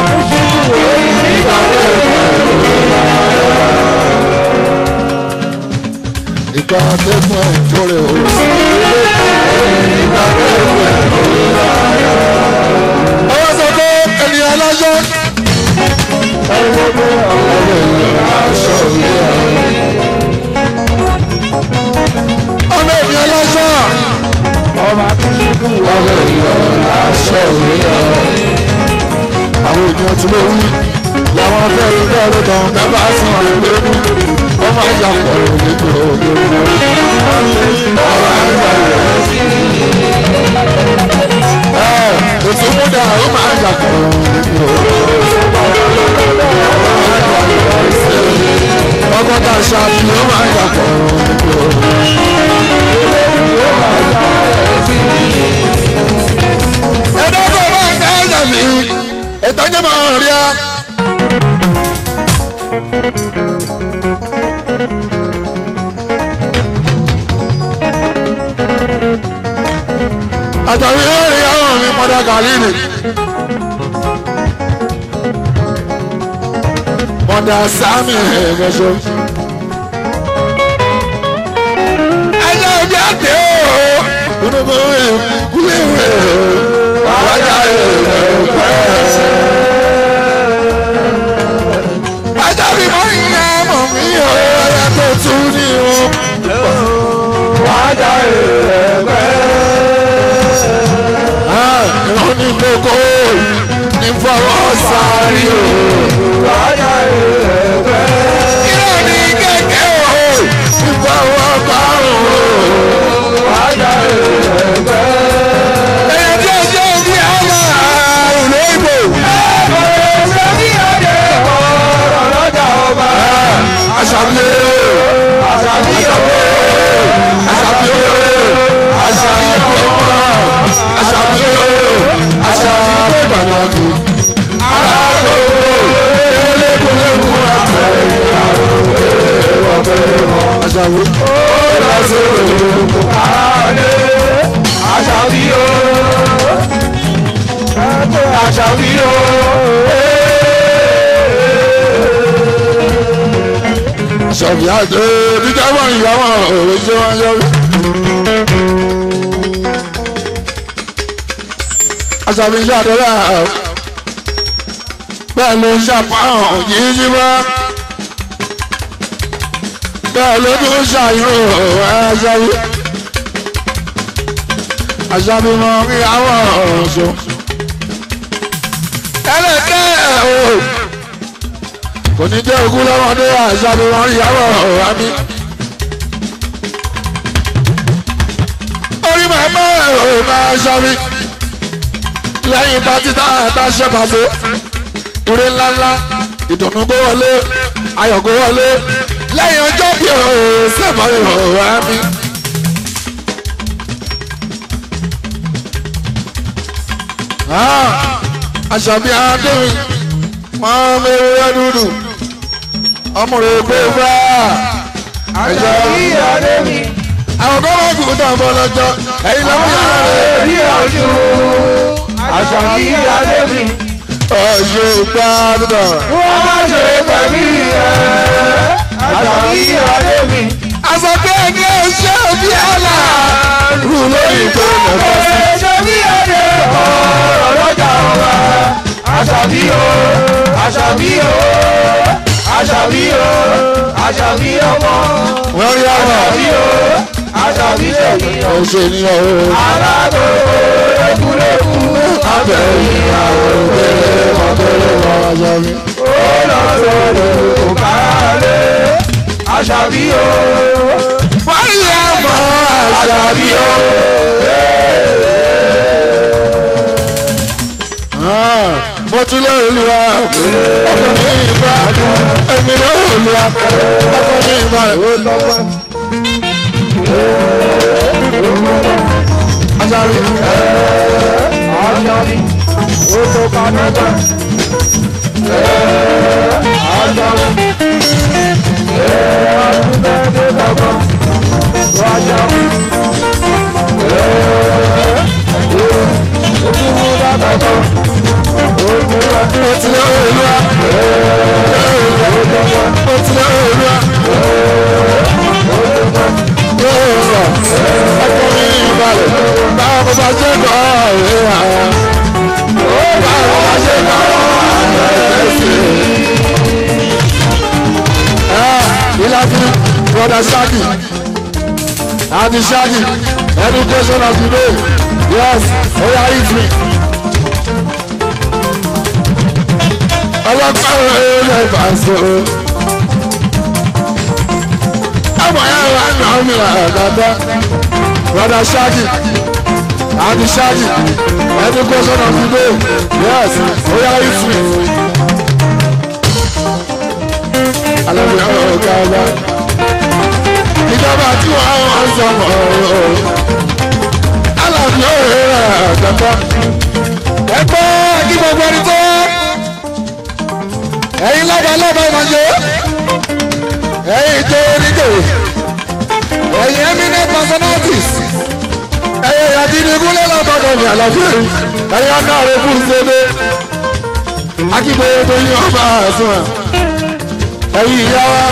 ipa tẹ́gun ẹ̀jọ́ dáadáa o. ipa tẹ́gun ẹ̀jọ́ rẹ̀ o. ipa tẹ́gun ẹ̀jọ́ dáadáa ọwọ́ sọ pé ènìyàn aláṣọ. ọwọ́ sọ wọlé ìyọ̀nà aṣọ òmìnira. àwọn ènìyàn ti lè wí làwọn fẹ́ ilé ẹ̀rọ kan dábàá sùn àgbẹ̀ mú wọ́n máa yà pọ̀ nígbà òde mú. ọ̀rọ̀ àgbà rẹ̀ sí ẹ̀ ètò múdà ó máa yà pọ̀ nígbà òde mú. ọ̀rọ̀ àgbà rẹ̀ sí ẹ̀ ọkọ tá a ṣàfi ó máa yà pọ̀ ẹ̀dá tó bá ń ká ẹ̀yà mi ìtọ́jú máa ń rí a. àtàwọn eré àwọn mi padà kàlí ni. mọ̀dà sámi ẹ̀ẹ́dẹ́sọ. ẹ̀yà ọjà dé o inú mi rè kúlé rè wájà rè mọ ìyá mọ̀ mí ọ̀rẹ́ tó tún ní o. wájà rè pẹ́. ìrọ̀lẹ́ ní fọwọ́ sáré o. Báyà ìrẹ̀pẹ́. àjò ìdíjà mọ̀ ìyàwó òwe ṣé wọ́n yọ. àṣàbí iṣẹ́ àdúrà bẹ́ẹ̀ ló ń ṣàpáhàn yìí yí mọ́ bẹ́ẹ̀ Asabi tún ṣàyẹ̀wò àṣàbí àṣàbí mọ̀ ìyàwó ọ̀ṣun ẹlẹ́kẹ́ ẹ̀ o kò ní jẹ́ ogún lọ́mọdé àṣàbí wọn yàwọ̀ ọ̀rá mi. orí màmá ẹ̀ máa ṣàbí lẹ́yìn pátí tá a ta ṣe pàṣẹ orí ńláńlá ìdùnnú kó wọlé ayọ̀ kó wọlé lẹ́yìn ọjọ́ bí ọ̀rọ̀ sẹ́fọ̀rẹ́ ọ̀rá mi. àṣàbí adéwìn máa ń mẹ́rẹ́ dúdú ọmọrè gbéra ẹjọ ìyáre mi. àwọn kan máa kúkú tàn fún ọlọ́jọ́ ẹ̀yin lọ́mú yàrá rẹ̀. rí ojú àṣà ìyáre mi. ọ̀ṣọ́ gbàdúrà. wọ́n má ṣe pẹ̀lú ẹ̀ àṣà ìyáre mi. àṣà pé ẹni ẹ ṣe bí ọ̀la. rú lórí ìpè nàfẹ́ sí. ṣé bí ẹni ọ̀rọ̀ lọ́jà wa àṣà bí o àṣà bí o àṣàbí o àṣàbí ọmọ wẹ́rí ọ̀rọ̀ àṣàbí o àṣàbí ṣèkìyàn òṣèlíyàn o alágbó lẹ́kúlẹ́kú ọbẹ̀ ìyàwó péré wọn péré wọn àṣàbí. ó lọ sọ̀rọ̀ òkàlẹ́ àṣàbí o wẹ́rí ọmọ àṣàbí o. Ah àpótílẹ̀ olúwa ọkọ̀ mi ìfà ẹ̀mí náà olúwa ọkọ̀ mi ìfà ajali ajali o tó ká mẹ́ta ajali ajúdé dé bàbá ajali ojúmú bàbá. Brother Shaggy and the Shaggy education as you know yes oya oh ifri. ọlọ́pàá ọ̀rẹ́ lè bá so. ọmọ yẹn wà náà mi wà dáadáa brother Shaggy àti Shaggy ẹni question of the day yes oya if we. alẹ́ mi àwọn ọ̀gá ọba ìjọba tí wọ́n á ń sọ̀rọ̀ alàbí ọ̀rẹ́ rẹ̀ àgbàgbà ẹgbẹ́ kí gbogbo ẹni tó ẹ̀yin lábàá lábàá ìmọ̀jọ́ ẹ̀yin tó onídò ẹ̀yin eminent personalities ẹ̀yin ìyàdínigún lọ́lọ́bàdàn ní àlàáfíà ẹ̀yin ọ̀nà àròkù ṣẹlẹ̀ akíkóyè tó yín ọba àṣùwọ̀n ẹ̀yin ìyá wa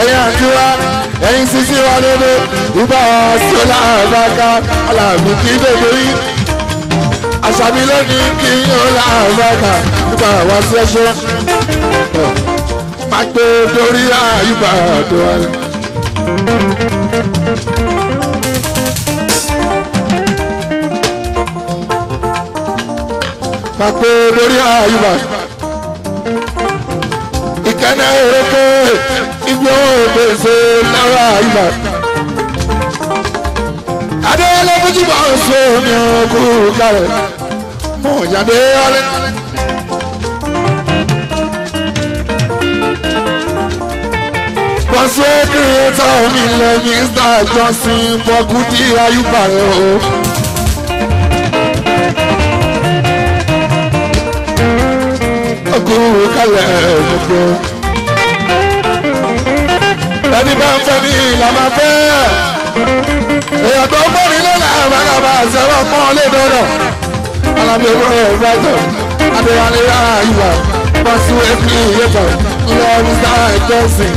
ẹ̀yin àǹtí wa ẹ̀yin sisi wa lóde ìbá wa sọlá àbáká aláàbò kí bèbè yín àṣàbí lónìí kí yín ó láàbáká nípa àwọn ṣẹṣẹ àgbè torí àyùbá tó wà. àgbè torí àyùbá. ìkànnì òrèké ìgbé òpèsè náírà àyùbá. adéyẹlẹ kújúbà ń sọ ní ọkùnrin kárẹ mọ ìyàdé ọlẹ. ṣe kírẹ́tà omi ilẹ̀ Mr. Johnson Bọ́kútì Ayúbà rẹ̀ o. ọkùnrin kalẹ̀ gbogbo. ẹni bá ń fẹ́ ní ìlànà fẹ́. èèyàn tó ń bọ̀rin lọ́la àbákàbà àṣẹwọ́ pọ́n lé dọ́dọ̀. alábẹ́ owó ẹ̀ bẹ́tọ̀ adéyàlé ayúbà bọ́sùwé kí ìyẹ́tọ̀ ńlọ Mr. Johnson.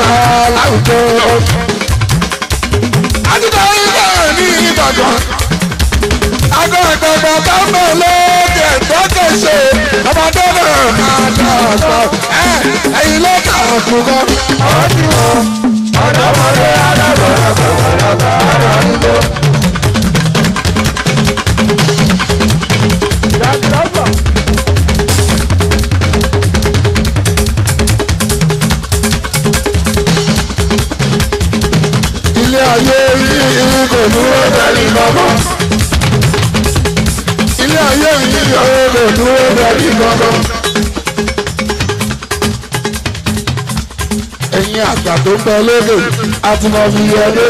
àṣà láwùjọ. àtijọ́ ilé ní Ìbàdàn àgọ́ ìgbàgbọ́ bá mọ̀ lóde tó kẹsẹ̀ ọmọdé náà máa dàgbà ẹ̀yìn lọ́kà àkùkọ. ọdún ọ̀dọ́mọdé alábọ̀rọ̀ kọ̀ọ̀kan lọ́kà àrùn àdúgbò. tó ń bẹ lóde àtìmọ̀bí ẹni.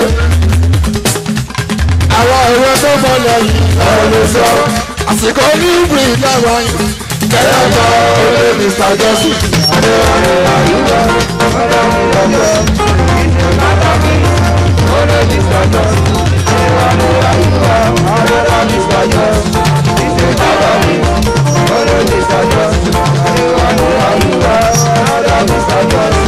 àwọn ọ̀rọ̀ tó bọ̀lẹ̀ yìí ọ̀rọ̀ ló sọ àsìkò ní ìbùrì ìdáwà yìí kẹ́lẹ́ bọ̀ ọ̀rẹ́ Mr. Jesse adéwálé àyíká ọ̀rẹ́ Mr. Jesse ìdàgbàdàgbì ọ̀rẹ́ Mr. Jesse adéwálé àyíká ọ̀rẹ́ Mr. Jesse ìdàgbàdàgbì ọ̀rẹ́ Mr. Jesse adéwálé àyíká ọ̀rẹ́ Mr. Jesse.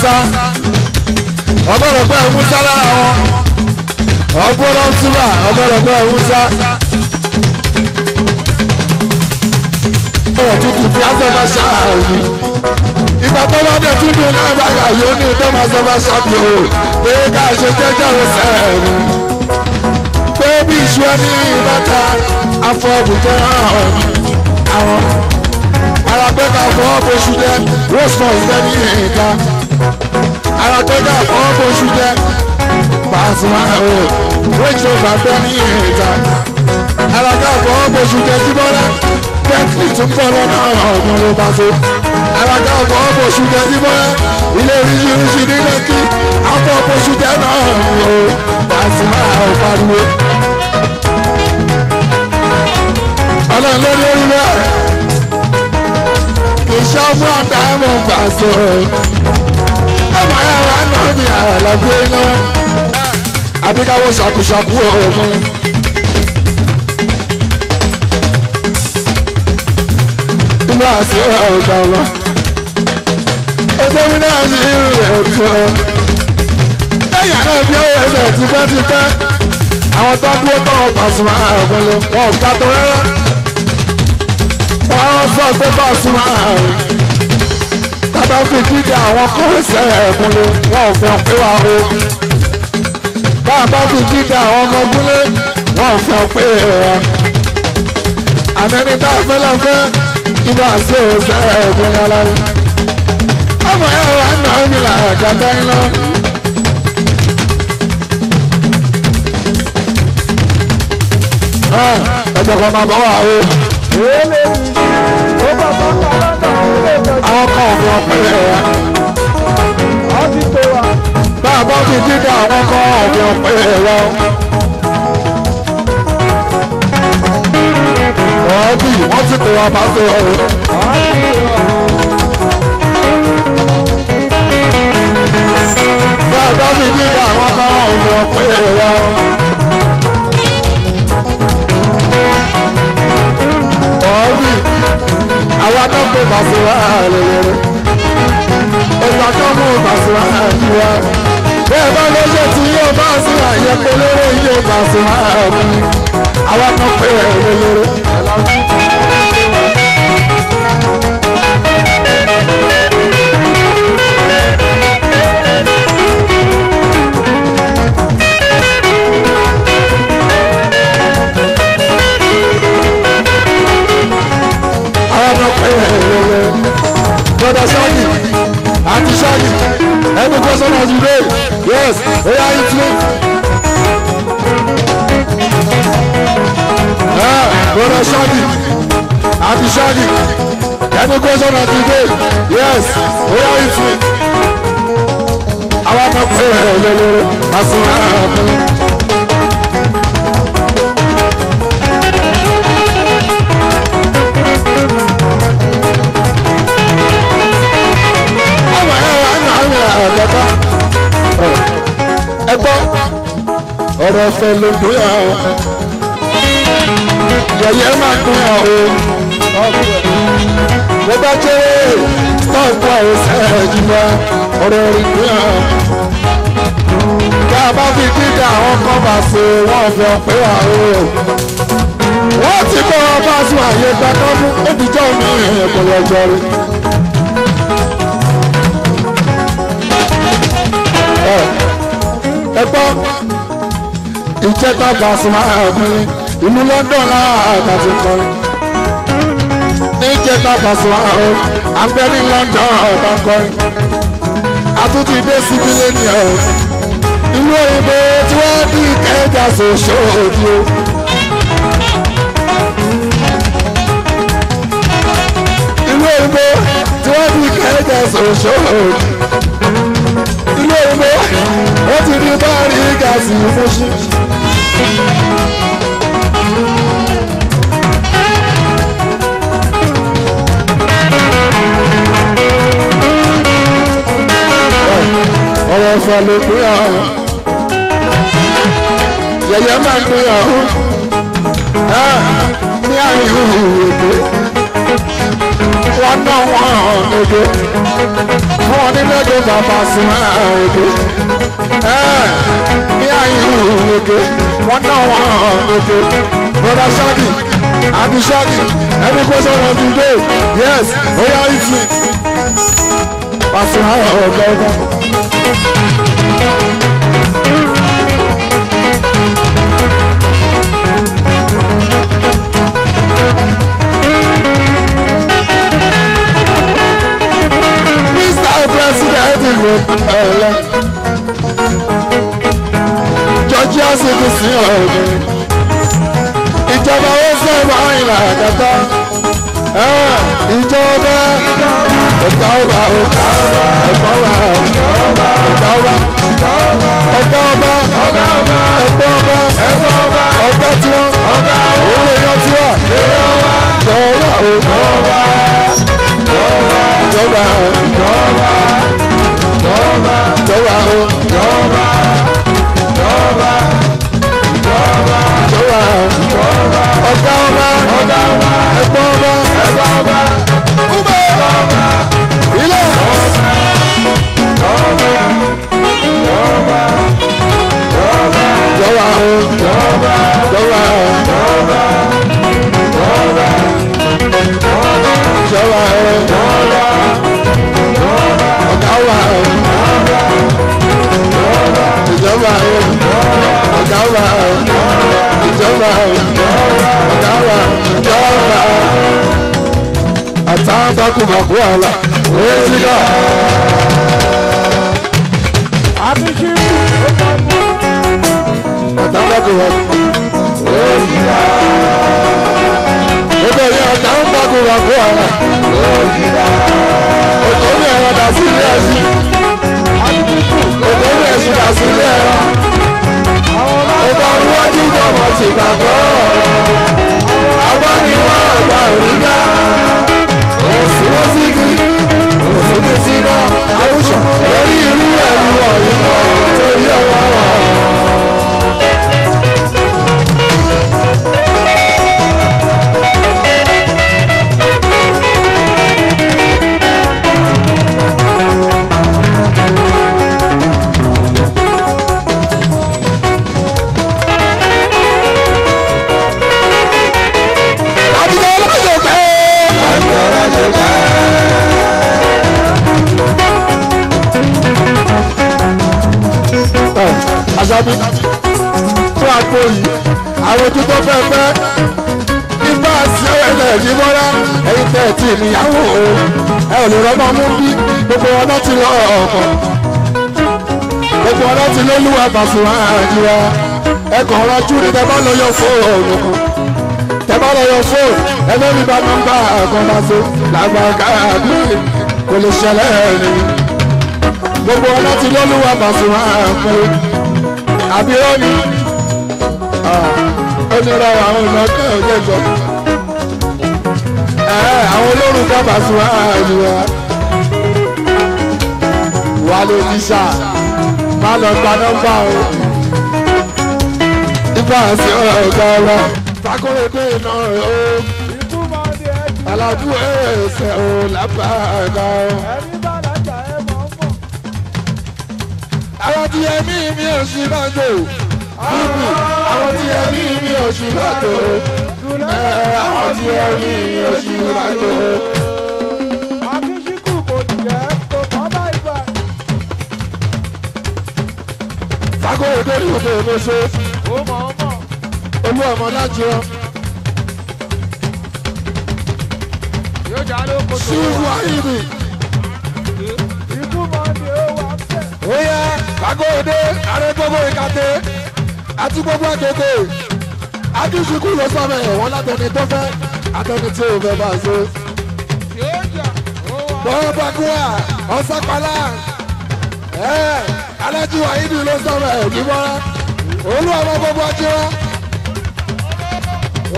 Musa ọgbọ́dọ̀gbọ́ Musa lára wọn ọgbọ́dọ̀ túbà ọgbọ́dọ̀gbọ́ Musa. ọ̀rọ̀ tuntun fi asọ́ba ṣáà mi ìgbà tó bá dẹ̀ tún dùn náà báyà yóò ní ìtọ́ máa sọ́ba ṣáàbì o pé ká ṣe jẹ́jẹ́ rẹ̀ sẹ́ẹ̀rù pé bí iṣu ẹni ìbáta afọ́bùjẹ́ hàn àwọn alágbèéká fọ́ bóṣù jẹ́ rose mosque lẹ́ni ìta ara tó dà fọ́ bóṣù jẹ́ Pasuma o rachel bàbá ní ìta ara tó fọ́ bóṣù jẹ́ jíbọ́lá bẹ́ẹ̀kì tún bọ́ lọ́nà ọ̀gbọ́n ló bá so ara tó fọ́ bóṣù jẹ́ jíbọ́lá ilé oríṣiríṣi ní lẹ́kì afọ́ bóṣù jẹ́ náà o Pasuma o pariwo. ọlọ́run lórí orí rẹ̀ kì í ṣọ́ fún àtàwọn bàṣọ mi àlàgbé náà àbí káwọ́ ṣàkúṣàkú ọmọ. Ilé àti ọ̀gá wa. Ẹgbẹ́ mi náà ní irú rẹ̀ fún ọ. Ẹ̀yà náà bí ọ̀rọ̀ ẹ̀sẹ̀ tipẹ́tipẹ́. Àwọn tó dúró tọrọ Pasuma àgbọ̀lẹ̀ wọn ò ká tó rárá. Wọ́n á sọ pé Pasuma àrùn bá fi dídá àwọn kọ́sẹ̀ ẹ̀kúnlé wọn ò fẹ́ pé wá o. bá a bá fi dídá àwọn ọmọ gúnlé wọn ò fẹ́ pé ẹ̀. àtẹni tá a fẹ́ lọ fẹ́ ibà sí òṣè ẹ̀kúnlé aláwọ̀. ọmọ ẹ wà ń nà ọ́nì là kàtà ń lọ. Ah, ẹ ẹ jọ̀kọ̀ máa bọ̀ wá o. ó bàbá kan ọkọ mi ọpẹ́ rẹ̀. bàbá mi dídá àwọn ọkọ mi ọpẹ́ rẹ̀. ọbí wọ́n ti pè wá bá fẹ́ ọ. bàbá mi dídá àwọn ọkọ mi ọpẹ́ rẹ̀. àwa tó kó bàṣírà lélẹ́rẹ́ ìgbà tó mú bàṣírà lélẹ́rẹ́ bẹ́ẹ̀ bá ló ṣe tí yóò bàṣírà yẹ kó lérè yóò bàṣírà lélẹ́rẹ́ àwa tó pé lélẹ́rẹ́. brother Shaggy aunty Shaggy any question as you dey yes oya hit me. Yeah, brother Shaggy aunty Shaggy any question as you dey yes oya hit me. àwọn akọkọ ẹ̀ lọ́lọ́rọ́ àfúnra. ọ̀rọ̀ ọ̀fẹ́ ló dún yà ó yẹ̀yẹ́ máa dún yà ó mo bá jẹ́rẹ́ sọ́ọ̀kù àwọn sẹ́ẹ̀jìmá ọ̀rọ̀ orin dún yà ó tá a bá fi dídá àwọn kan bá ṣe wọ́n fi ọ̀pẹ́ wà ó wọ́n ti bọ́ ọba sùn àyè gbàgbọ́ fún mi ìrìnàjò ọjọ́ rí. ẹ iṣẹ́ tọ́ka sí máa pín inú lọ́dọ̀ láàbà ti kọrin níjẹ́ tọ́ka sí máa pín àgbẹ̀ ní lọ́dọ̀ ọ̀bá kọrin àtúntì dé síbi lẹ́nu ẹ̀ ìlú òyìnbó tí wọ́n bí kẹjà sòṣò òdi o. ìlú òyìnbó tí wọ́n bí kẹjà sòṣò òdi ilé ìgbé wọ́n ti rí bá rí gàásì fún ṣíṣe ọ̀rọ̀ ọ̀fọ̀ ló pé ọ̀hún yẹ̀yẹ́ máa ń pè ọ̀hún ní àyẹ̀wò èdè wọ́n ná wọn ọ̀hún èdè fún wọn nílé èdè bàbá sí máa èdè ní àyẹ̀wò èdè wọ́n náà wọ́n òkè broda shaggy abi shaggy every person of the yes oya oh, hit me pàṣẹ àwọn ọ̀gá ọ̀gá. Mr. President, lásìkò sí ọ̀rọ̀ ìjọba ó fẹ́ máa ń là kàtà ìjọba ọ̀tá ọba ọ̀tá ọba ọ̀tá ọba ọ̀tá ọba ọ̀tá ọba ọ̀tá ọba ẹ̀fọ́ ọba ọ̀tá tiwọn ọ̀tá òun èèyàn tiwa jọba ọba jọba jọba jọba jọba jọba. ọ̀gá ọba ẹ̀gbọ́n ọba kúbẹ̀ ilé. Jọba o, jọba o, jọba o, ọ̀gá wa o ìjọba ọ̀gá wa ìjọba ìjọba ìjọba àtàkùnmọ̀kú àlà wẹ́ẹ́sìlá. àtàkùnmọ̀kú wẹ́ẹ́sìlá. nítorí àtàkùnmọ̀kú àlà wẹ́ẹ́sìlá. òtò ní ẹ̀rọ dà sí ilé ẹ̀sìn. òtò ní ẹ̀sìn dà sí ilé ẹ̀rọ tọ́jú bọ̀wọ̀ sí gbàgbọ́. Àwọn ni wọ́n àgbà òrìgá. Òṣùwọ̀n sí kí, òṣùwọ̀n sí náà, àwùjọ lórí irú ẹ̀rù ọ̀yìn náà. mi fún àgbo yìí àwọn ojú tó fẹ́ fẹ́ nípa sí ẹ̀lẹ̀ yìí mọ́ra ẹ̀yin tẹ̀ tí ìníyàwó ẹ ò lè rọ́mọ mú bí gbogbo ọ̀nà ti lọ ọ̀kọ̀ gbogbo ọ̀nà ti lólúwa bàṣùwà àjùwà ẹ̀kọ́ ọ̀rọ̀jú ni tẹ́ bá lọ yọ fóònù tẹ́ bá lọ yọ fóònù ẹlẹ́rìí bá nọ́mbà àkọ́nàṣe làgbàgà àbí kò lè ṣẹlẹ̀ ẹ̀rín gbogbo ọ̀nà ti lólúwa bàṣùwà àjùwà àbí rọ́ọ̀nì onírà ah, àwọn ìnáwó ọjọ́ ìgbọ́. àwọn olórùn dábàá sí wa àdúrà wà lójú sá má lọ gba nọ́mbà o ibà sí ọ̀gá ọ̀rọ̀ fakọ́rẹ́gbẹ́ iná rẹ̀ o aládùúgbò ẹ̀ẹ́sẹ̀ o lábàá ọ̀gá ọ̀rọ̀. àwọn tí ẹ̀mí mi ò sí bá jò bíbí àwọn tí ẹ̀mí mi ò sí bá jò ẹ̀ àwọn tí ẹ̀mí mi ò sí bá jò. Sago òdòdó òdòdó òdòdó. Olú ọmọ láti ọ. Ṣùgbọ́n àyìnbí. Ikú mọ́ ni ó wà fẹ́. Agóyedé arẹ́gbọ́gbó ìkàtẹ́ àti gbogbo àkèké akíṣukú ló sọ̀rọ̀ ẹ̀wọ̀n látẹni tó fẹ́ àtẹni tí ò fẹ́ bá a ṣe. bọ́ọ̀ bàkúrà ọ̀sàpàlà alájú àyídì ló sọ̀rọ̀ ẹ̀ nímọ́ra olú ọmọ gbogbo ajẹ́wọ́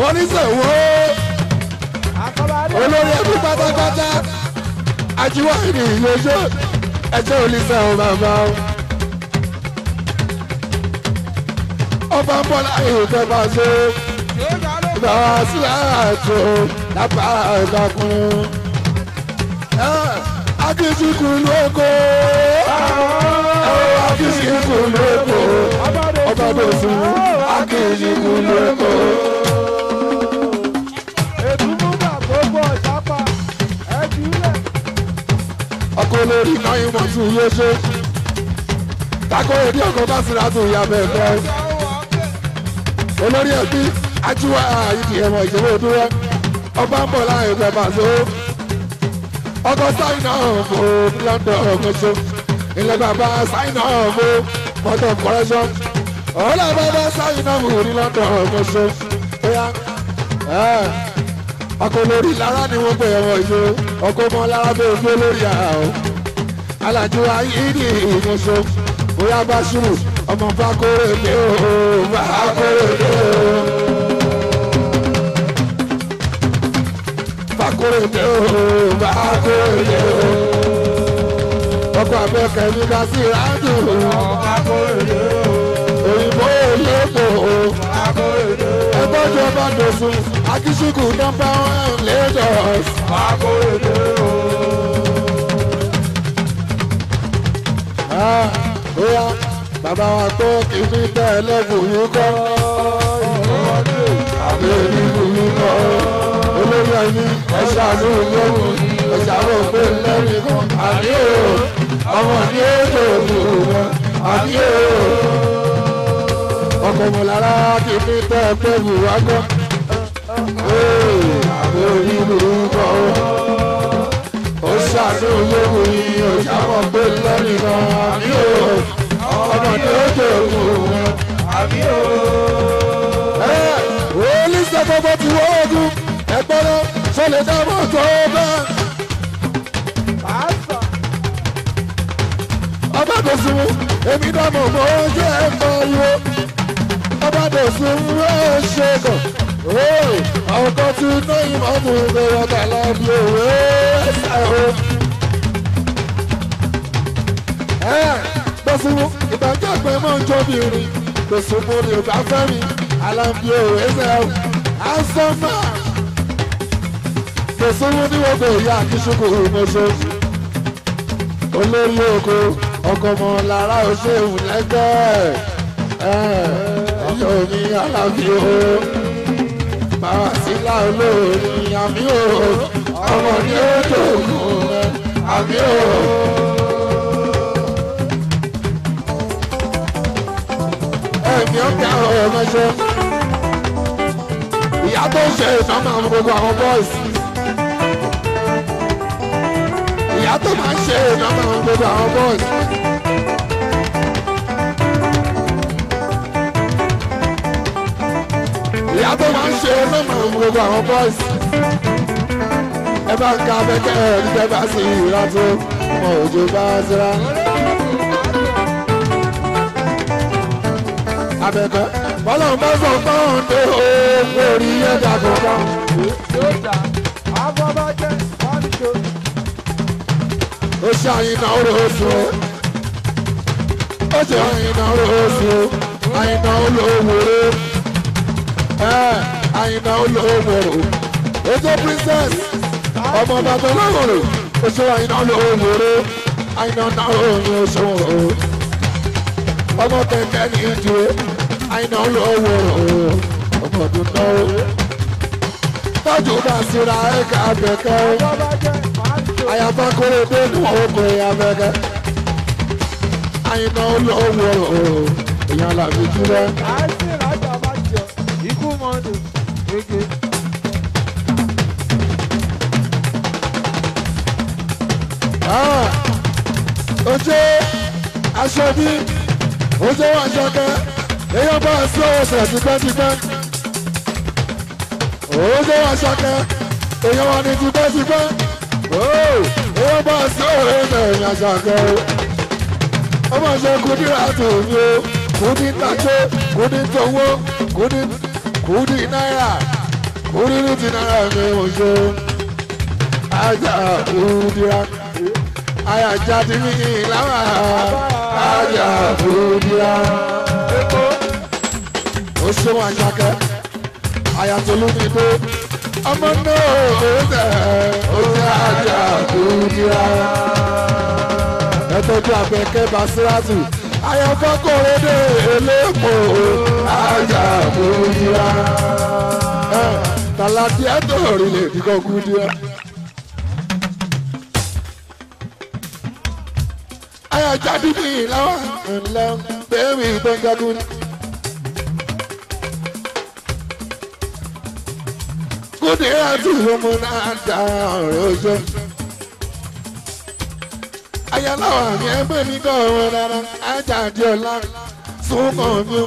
oníṣòwò olórí ẹbí pátápátá ajíwáyé ni ìyẹn ṣe ẹjẹ́ olùsẹ̀ ọ̀rọ̀ àbáwọ̀. ọba bọ́lá ìtẹ́ bá ṣe lọ sí àjò lápá ìlọkùnrin. akínsìnkù lóko akínsìnkù lóko ọba dòsùn akínsìnkù lóko. ọkọ lórí náà ìmọ̀ tún yé ṣe tako èdè ọkọ̀ bá sinra tún yá bẹ́ẹ̀ bẹ́ẹ̀ olórí ẹbí ajíwá àyíkì ẹmọ ìṣòro òdúró ọba ń bọ̀ láàyè ọgbà bàzó ọkọ sáìnà ọ̀fọ̀ lọ́dọ̀ ọ̀gọ́sọ ilẹ̀ bàbá sáìnà ọ̀fọ̀ mọ́tò kọ́rẹ́sọ́ ọ̀la bàbá sáìnà ọ̀fọ̀ lọ́dọ̀ ọ̀gọ́sọ ẹ̀yà ọkọ olórí lára ni wọ́n pè ẹmọ ìṣòro ọkọ ọmọ lára bẹ́ẹ̀ gbé lórí àhọ́ alájọ ayé ní ìgbọ̀nsọ bóyá bá ṣùrù ọmọ Fákòròdé o Fákòròdé o Fákòròdé o Fákòròdé o ọkọ abẹ́kẹ́ mi ká sí ìrájò o Fákòròdé o òyìnbó olóko o Fákòròdé o ẹgbọ́jú ọba dòsùn akíṣíkù nọmba one Lagos Fákòròdé o. Ah, yeah bàbá wa tó kìíní tẹ ẹlẹ́bùn yìí kọ́ àbí ẹlẹ́bùn yìí kọ́ olórí ẹni ẹ̀ṣẹ̀ àánú lẹ́wù ẹ̀ṣẹ̀ àánú pé lẹ́rìí kan àbí ẹ̀ ọmọ ní ètò òkùnkùn wọn àbí ẹ̀ ọkọ̀ mọ̀lára kìíní tẹ ẹlẹ́bùn wa kọ́ àbí ẹlẹ́bùn yìí kọ́ ó ṣàánú lẹ́wù yìí ọ̀ṣà mọ̀ pé lẹ́rìí kan àbí ẹ̀ àwọn tó jòwó wọn àbí o. olú sọfọ́fọ́ ti wọ́ ogun ẹ̀gbọ́nà sọlẹ̀ dábọ̀ tó bẹ́ẹ̀. ọba tó sùn èmi náà mọ̀ mọ́ jẹ́ ẹ̀fọ́ yìí ọba tó sùn ó ṣe kàn àwọn kan ti ná ìmọ̀ tó ń gbé wọn tà lọ́dún òwe ẹ̀sẹ̀ o. bọ́sùn jàgbàjàgbẹ́ mọ́ ń jóbìnrin lóṣù mo lè bá fẹ́ mi alábi òwe ẹsẹ̀ o asọ́mà lóṣù mo ní wọ́n bẹ̀ yá akíṣukù mọ́ṣọ́ṣù olórí oko ọkọ ọmọ lára ọṣẹ ìwúlẹ́gbẹ́ ọyọ mi alábi o bàbá sílá olóòrìn àmì o ọmọ ní ó dògùn àmì o. Ethiopia ọ̀rọ̀ mẹ́ṣẹ́. Ìyá tó ṣe iná máa mú boys. Ìyá tó máa ṣe iná máa mú gbogbo àwọn boys. Ìyá tó máa ṣe iná máa mú gbogbo àwọn boys. Ẹ bá ń ka abẹ́kẹ́ ẹ̀ ní bẹ́ẹ̀ bá sí ìrántó, wọn ò jò bá síra. àbẹ̀bẹ̀ bọ́lá ń bá sọ tán dé oògùn orí ẹ̀dá kankan. sójà abọ́bájẹ́ fámìṣó. ó ṣe àyìnà olóòṣù ó ṣe àyìnà olóòṣù àyìnà olówóró àyìnà olówóró ó ṣe princess ọmọ bàbá olówóró ó ṣe àyìnà olówóró àyìnà olówóró ó ṣe òun ọmọ kẹkẹ nìyẹn tiwé àìná lọ́wọ́ ọmọdún náà tọ́jú bá síra ẹ̀ka abẹ́kẹ́ àyàfà kórè dé níwọ̀n oko ẹ̀yà abẹ́kẹ́ àìná lọ́wọ́ èèyàn làbí jùlọ. àìsí ìrajà bá jẹ ikú mọ́dún gègé. ojú aṣọ bí Ojo, aṣọ kẹ́. Eyo bá ń sọ ọ̀sẹ̀ tipẹ́tipẹ́ òójó àṣàkẹ́ èèyàn wà ní tipẹ́tipẹ́ èèyàn bá ń sọ ọ̀sẹ̀ èèyàn àṣàkẹ́ ọmọ ṣe kúdírà tòun o kúdí tàjọ kúdí tòwó kúdí kúdí náírà kúdí ní ti náírà ni mo ṣe ajá kúdírà ayájá ti ní ìlànà ajá kúdírà ó ṣeun àjàkẹ́ àyàtọ̀lú mi pé ọmọ náà ó tẹ̀ ó tẹ̀ àjà àdúrà. ẹ tọ́jú àbẹ̀kẹ́ basiratu àyànfọ́ kòrédè elépo àjà àdúrà. tàlàtì ẹ̀ tó rí lè kíkọ́ jáde ní ìlànà ńlá bẹ́ẹ̀ mi ìtọ́jú kódé àti lómú náà dá ọ̀rọ̀ jọ. ayáláwa mi ẹ pé mi kọ́ ọ̀rọ̀ rárá ajá àdí ọ̀la fún kàn mí o.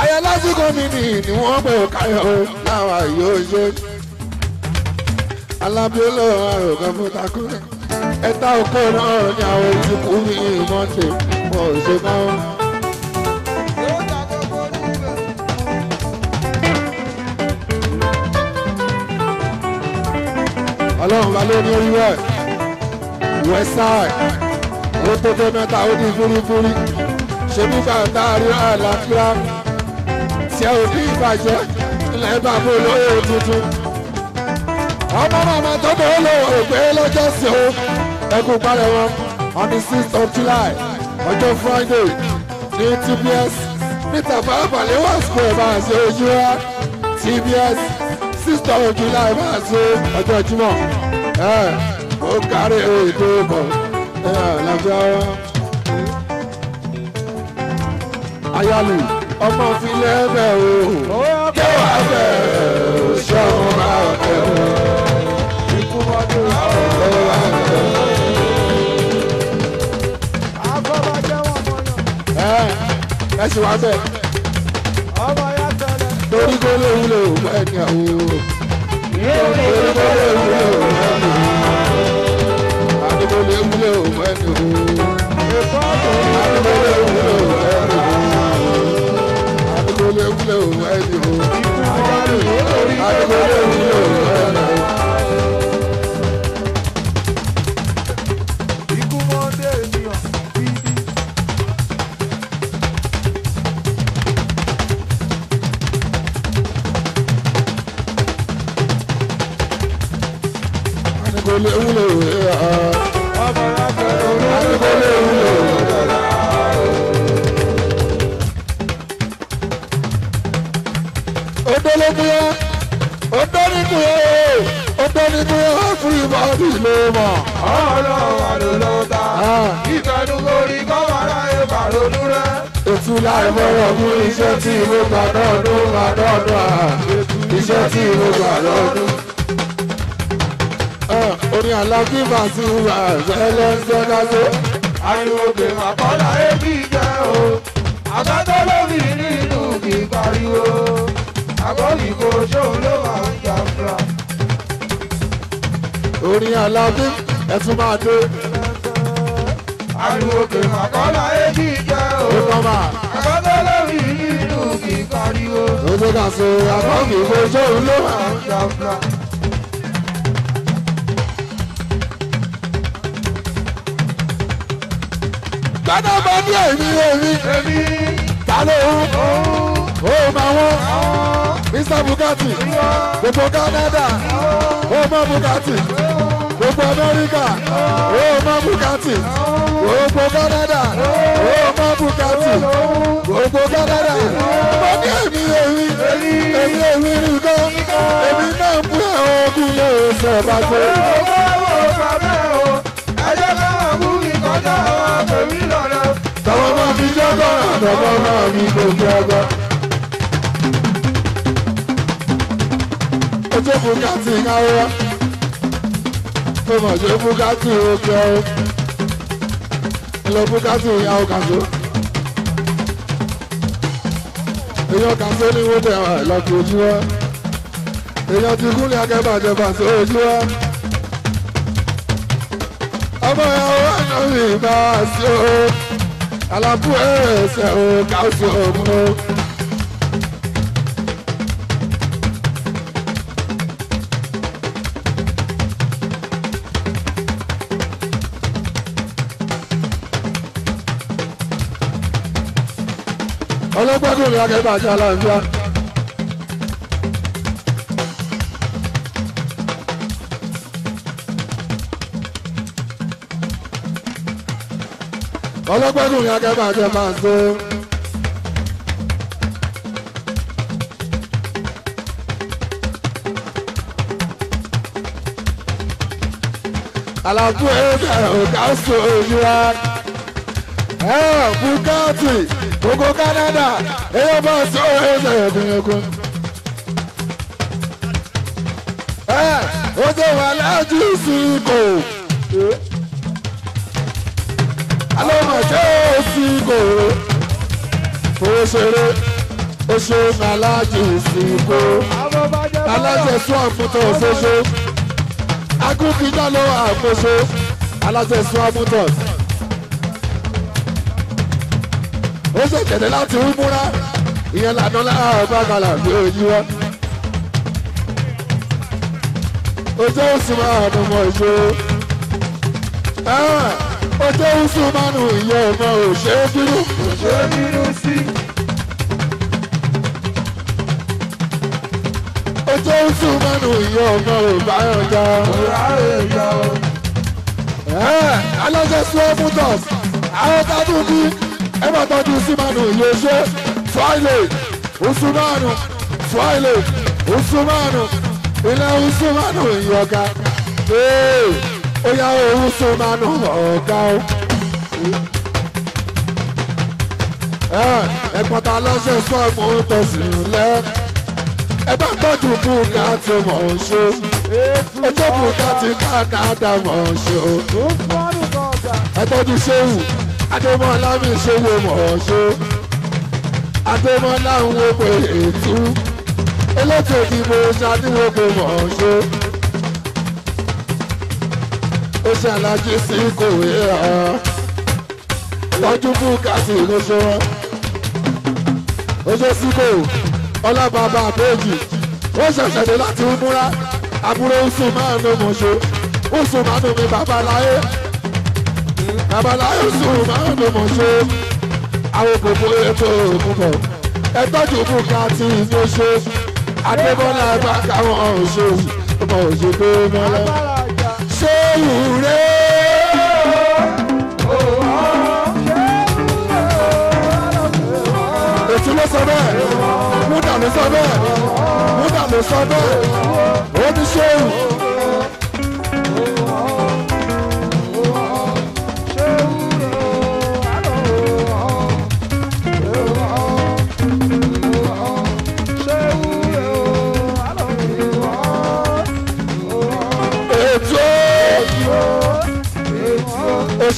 ayáláwa kọ́ mi nì ni wọ́n pè ó káyọ̀ ó láwa yóò ṣe. alábíọ́lọ́ àròkàn fún takúrẹ́ ẹ̀ta òkú náà ní àwọn ìdíkù mi ìmọ̀ọ́tẹ̀ mọ̀ ọ́ ṣe máa ń. ọlọ́run wa ló ní orí wẹ̀ west side ó tó tó mẹ́ta ó di fúrifúri ṣe bí bàtà rí àlàáfíà tí ẹ ò bí ìbàjẹ́ ilẹ̀ bàbá olóyè tuntun ọmọ màmá tó bọ̀ ó lò ògbé lọ́jọ́ sí o ẹkú parẹ́ wọn on the sixth of july ọjọ́ friday ní tbs níta bàbá lè wá sùn ẹ̀ máa ṣe ojú wa tbs sixth of July máa ṣe ọjọ́ Jímọ̀ ó kárí ètò ìbọ̀ lọ́jọ́ wa. ayálù ọmọ fi lẹ́bẹ̀ o kẹwàá bẹ̀ ṣọ́ọ́ máa bẹ̀ o ikú mọ́dún àwọn ẹ ṣì wá bẹ́ẹ̀ orí tó lè wúlò wá ẹni àwò. orí tó lè wúlò wá ẹni àwò. àdúgbò lè wúlò wá ẹni àwò. àdúgbò lè wúlò wá ẹni àwò. àdúgbò lè wúlò ẹni àwò. àdúgbò lè wúlò ẹni àwò. tí mo gbà lọ́dún gbà lọ́dún à iṣẹ́ tí mo gbà lọ́dún. orin aláàbí máa ti wà ẹlẹ́sẹ̀ lágbo. ariwo gbè má kọ́lá ẹbí jẹ́ o àgbàdo lómi nínú kì í pariwo àgọ́lì kò ṣóun ló máa ń jà fúra. orin aláàbí ẹ tún máa dé. ariwo gbè má kọ́lá ẹbí jẹ́ o ti káríwó. Oṣù kan ṣe àkọ́kì ìgbẹ́jọ́ ló máa ń ṣàfùlà. Gbọ́dọ̀ bá ní èmi èmi. Èmi. Ta ló ń? Ó máa wọ́n. Mr Bukati. Gbogbo Canada. Ó mọ Bukati. Gbogbo Amẹ́ríkà. Ó mọ Bukati. Gbogbo Canada. Ó bùkátì gbogbo kánádà mo ní èmi èmi èmi èmi nìkan èmi náà mú àwọn ọkùnrin yẹn ò sọ bá pé. Tọ́wọ́ máa fi jọ́gọ́ àtọ́wọ́ máa fi gbogbo ọgọ́. Ojú bùkátì ń káwọ́ tó mọ̀ ṣe búkátì òkè ọ́ lọ búkátì ìyá ọkà tó èèyàn kan tó ní wọ́n tẹ̀wà lọ́kì ojú wa èèyàn ti kúnlẹ̀ akẹ́bàjẹ́ pàṣẹ ojú wa. ọmọ ẹ̀ wá náà bá a ṣe o alábùú ẹ̀ ṣe o kà ó ọlọ́gbẹ́dùn ní akẹ́kọ̀ọ́ àti aláǹfíà. ọlọ́gbẹ́dùn ní akẹ́kọ̀ọ́ àti aláǹfíà. àlàfo ẹ̀ka ọ̀gá sọ òyìnbá ẹ̀ bùkátì. Togo Canada èyí bá sọ ẹsẹ̀ ẹ̀bìnrin ẹ ó jẹ́ wà láàjú síkò alọ́mọ̀jẹ́ síkò òṣèré oṣù nàlájú síkò alájẹsùn àmútọ̀ ṣoṣo agúnfijá ló wà àkóso alájẹsùn àmútọ̀ sí. ó sì tẹ̀lé láti múra ìyẹn lànà láàárọ̀ bàgàlà ní òyìn wọn. ojú oṣù máa nù mọ ìṣó ojú oṣù máa nù ìyẹn ọmọ òṣèré bínú. òṣèré bínú sí. ojú oṣù máa nù ìyẹn ọmọ òbáyọjọ. òbáyọjọ. alájọ sọ fún tọ́sí àwọn tábù bíi ẹ máa tọ́jú símánù ìyẹ́sẹ́ Friday usumanu Friday usumanu ilẹ̀ usumanu ìyọ̀ga ee ó yá usumanu ọ̀gá o. ẹ̀gbọ́n ta lọ́sẹ̀ sọ mò ń tẹ̀sí lẹ́ ẹ bá tọ́jú bùkà tí mò ń ṣe ojú bùkà tí kàkà dà mò ń ṣe o ẹ tọ́jú ṣéwù adémọlá mi ṣe wo mọ̀ ọ́ ṣe adémọlá ń wo pé ètú elétò tí mo ṣàdíwò pé mọ̀ ọ́ ṣe ó ṣàlàjì sí kòwé ọ́ lọ́jú fún kásì ló ṣe wọ́n ó ṣe síkò ọlọ́bàbà àbẹ́jì ó ṣẹ̀ṣẹ̀ dé láti ń múra àbúrò ń sùn máa ń lo mọ̀ṣọ́ ń sùn máa ń lo mi bàbá láyé babaláwo sùn máa ń lòmọ̀ ṣe àwọn gbogbo ètò òkùnkọ̀ ẹ tọ́jú bùkà tí ní ó ṣe adébọ́lá ẹgbà káwọn ọ̀ṣọ́ ọmọ òṣèlú mọ́lẹ́ ṣé ìwúrẹ́. ètò ló sọ bẹ́ẹ̀ múdà sọ bẹ́ẹ̀ múdà sọ bẹ́ẹ̀ ó ní ṣéwù.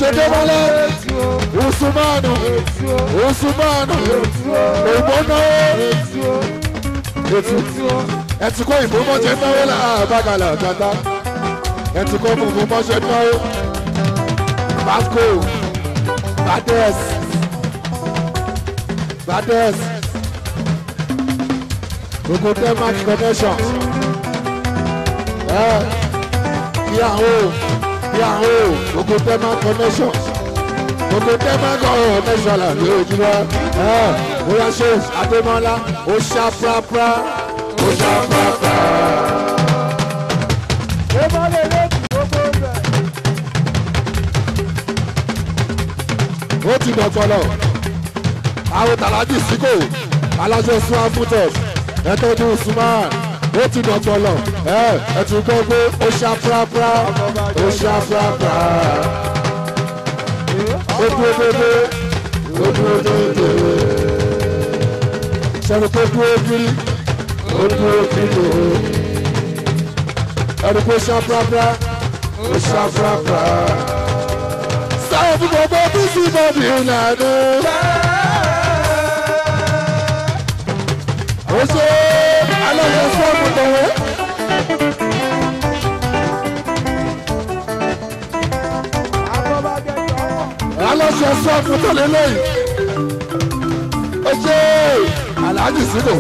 Oṣedémọ́lá Usumanu Usumanu Ògbóná Ètù Ẹ̀tùkọ́ ìbomọ́jẹ náwó làbàgàlà tata Ẹ̀tùkọ́ ìbomọ́jẹ náwó Basco Bades Bades Gbogbo Denmark connection. Ẹ kí yahoo gbogbo tẹ́mà connection gbogbo tẹ́mà connection là ní ojú wa bóyá ah, ṣe adémọ́lá ó ṣá prapra ó ṣá prapra. ó ti dọ̀pọ̀lọ̀ àwọn tàlájì síkò alájọ sún afúntọ̀ ẹ̀tọ́jú sùmán ó ti dọ̀pọ̀lọ̀ ẹ̀ eh, ẹ̀ tún gbọ́ ó ṣá prapra ó ṣàfàfà ó dúró dédé ó dúró dédé sọ̀rọ̀ tó dúró gírí ó dúró gírí o ẹni kó ṣàfàfà ó ṣàfàfà sáwọn fún gbogbo bí sí bọ́ọ̀dì ìlànà. ó ṣe aláwọ̀ fọ́ọ̀mù tọ̀wé. fún tó lélẹ́yìn ó ṣe aláàjì sílò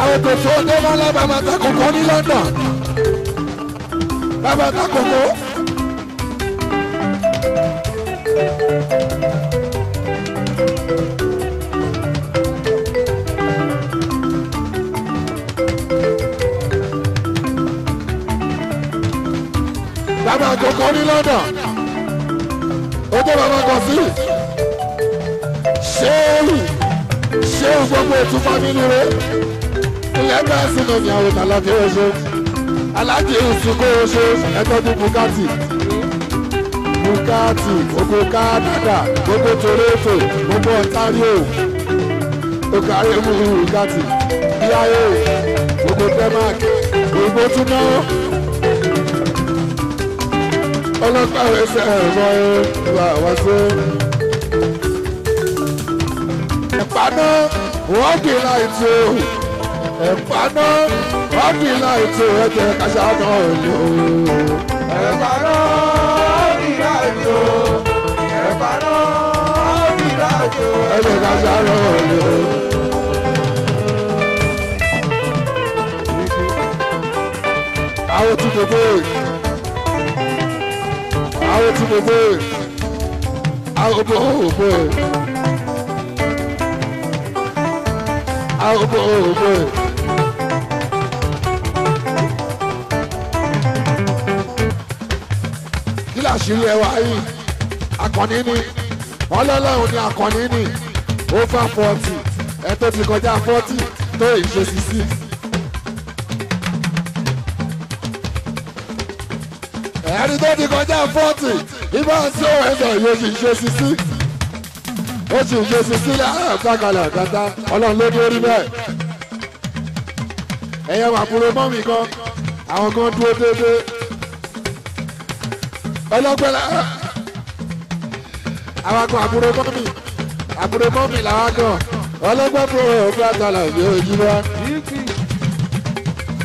àwọn kò tó dé mọ́lá bàbá takòkò ní London bàbá takòkò. bàbá àkọ́kọ́ ní London gbogbo bàbá kan sí ṣéwù ṣéwù gbogbo ètò fámìlì rẹ ìyẹ́bí àsìnà ní àrùn aláàjì oṣù aláàjì ìsìnkú oṣù ẹgbẹ́dún bukati bukati gbogbo kánádà gbogbo toronto gbogbo ontario okare mu bukati bia gbogbo denmark gbogbo tún náà ọlọ́pàá ẹsẹ̀ ẹ̀rọ ìwà wá sí. ẹ̀páná wọ́ọ̀kì láìtì o ẹ̀páná wọ́ọ̀kì láìtì o ẹ̀jẹ̀ kàṣà náà lò ó. ẹ̀páná wọ́ọ̀kì láìtì o ẹ̀páná wọ́ọ̀kì láìtì o ẹ̀jẹ̀ kàṣà náà lò ó. I want to go àwọn tí mo gbé àwọn ọmọ ògbé àwọn ọmọ ògbé. kí làṣírí ẹwà yìí akọni ni ọlọ́lọ́run ni akọni ni over forty ẹ tó ti kọjá forty tó ìṣe sixty. ẹni tó ti kọjá fọ́ọ̀tì ibà sí òun yóò sì ṣe sisi ó sì ṣe sisi àtàkàlà àtàtà ọlọ́run ló dé orí bẹ́ẹ̀. ẹ̀yẹ wà kúrò mọ́mì kan àwọn kan dúró déédéé ọlọ́gbẹ́lá àwọn kan àbúrò mọ́mì àbúrò mọ́mì làwọn kan ọlọ́gbẹ́ bò ó àtàlà yóò yí wá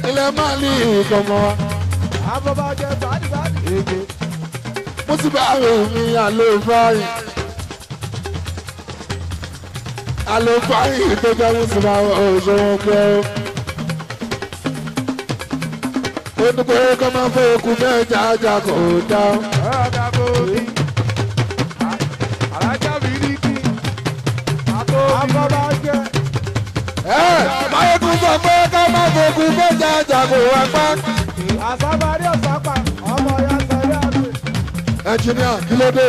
ilẹ̀ máa ní ìkọ̀mọ́ wa. àbọ̀bàjẹ́ bá gègé mo ti bá mi àlòfáyìn àlòfáyìn tó jẹ́ mo ti bá òṣèwọ̀n kẹ́ ọ́. ó ní pé kọ́ máa fẹ́ okú mẹ́ta ajá kò dá. ọ̀gá kò bí alájà mi rí bí àtọ́bí. ẹ báyìí kún sọ pé kọ́ máa fẹ́ okú mẹ́ta ajá kò wá pa ẹnjìníà kí ló dé.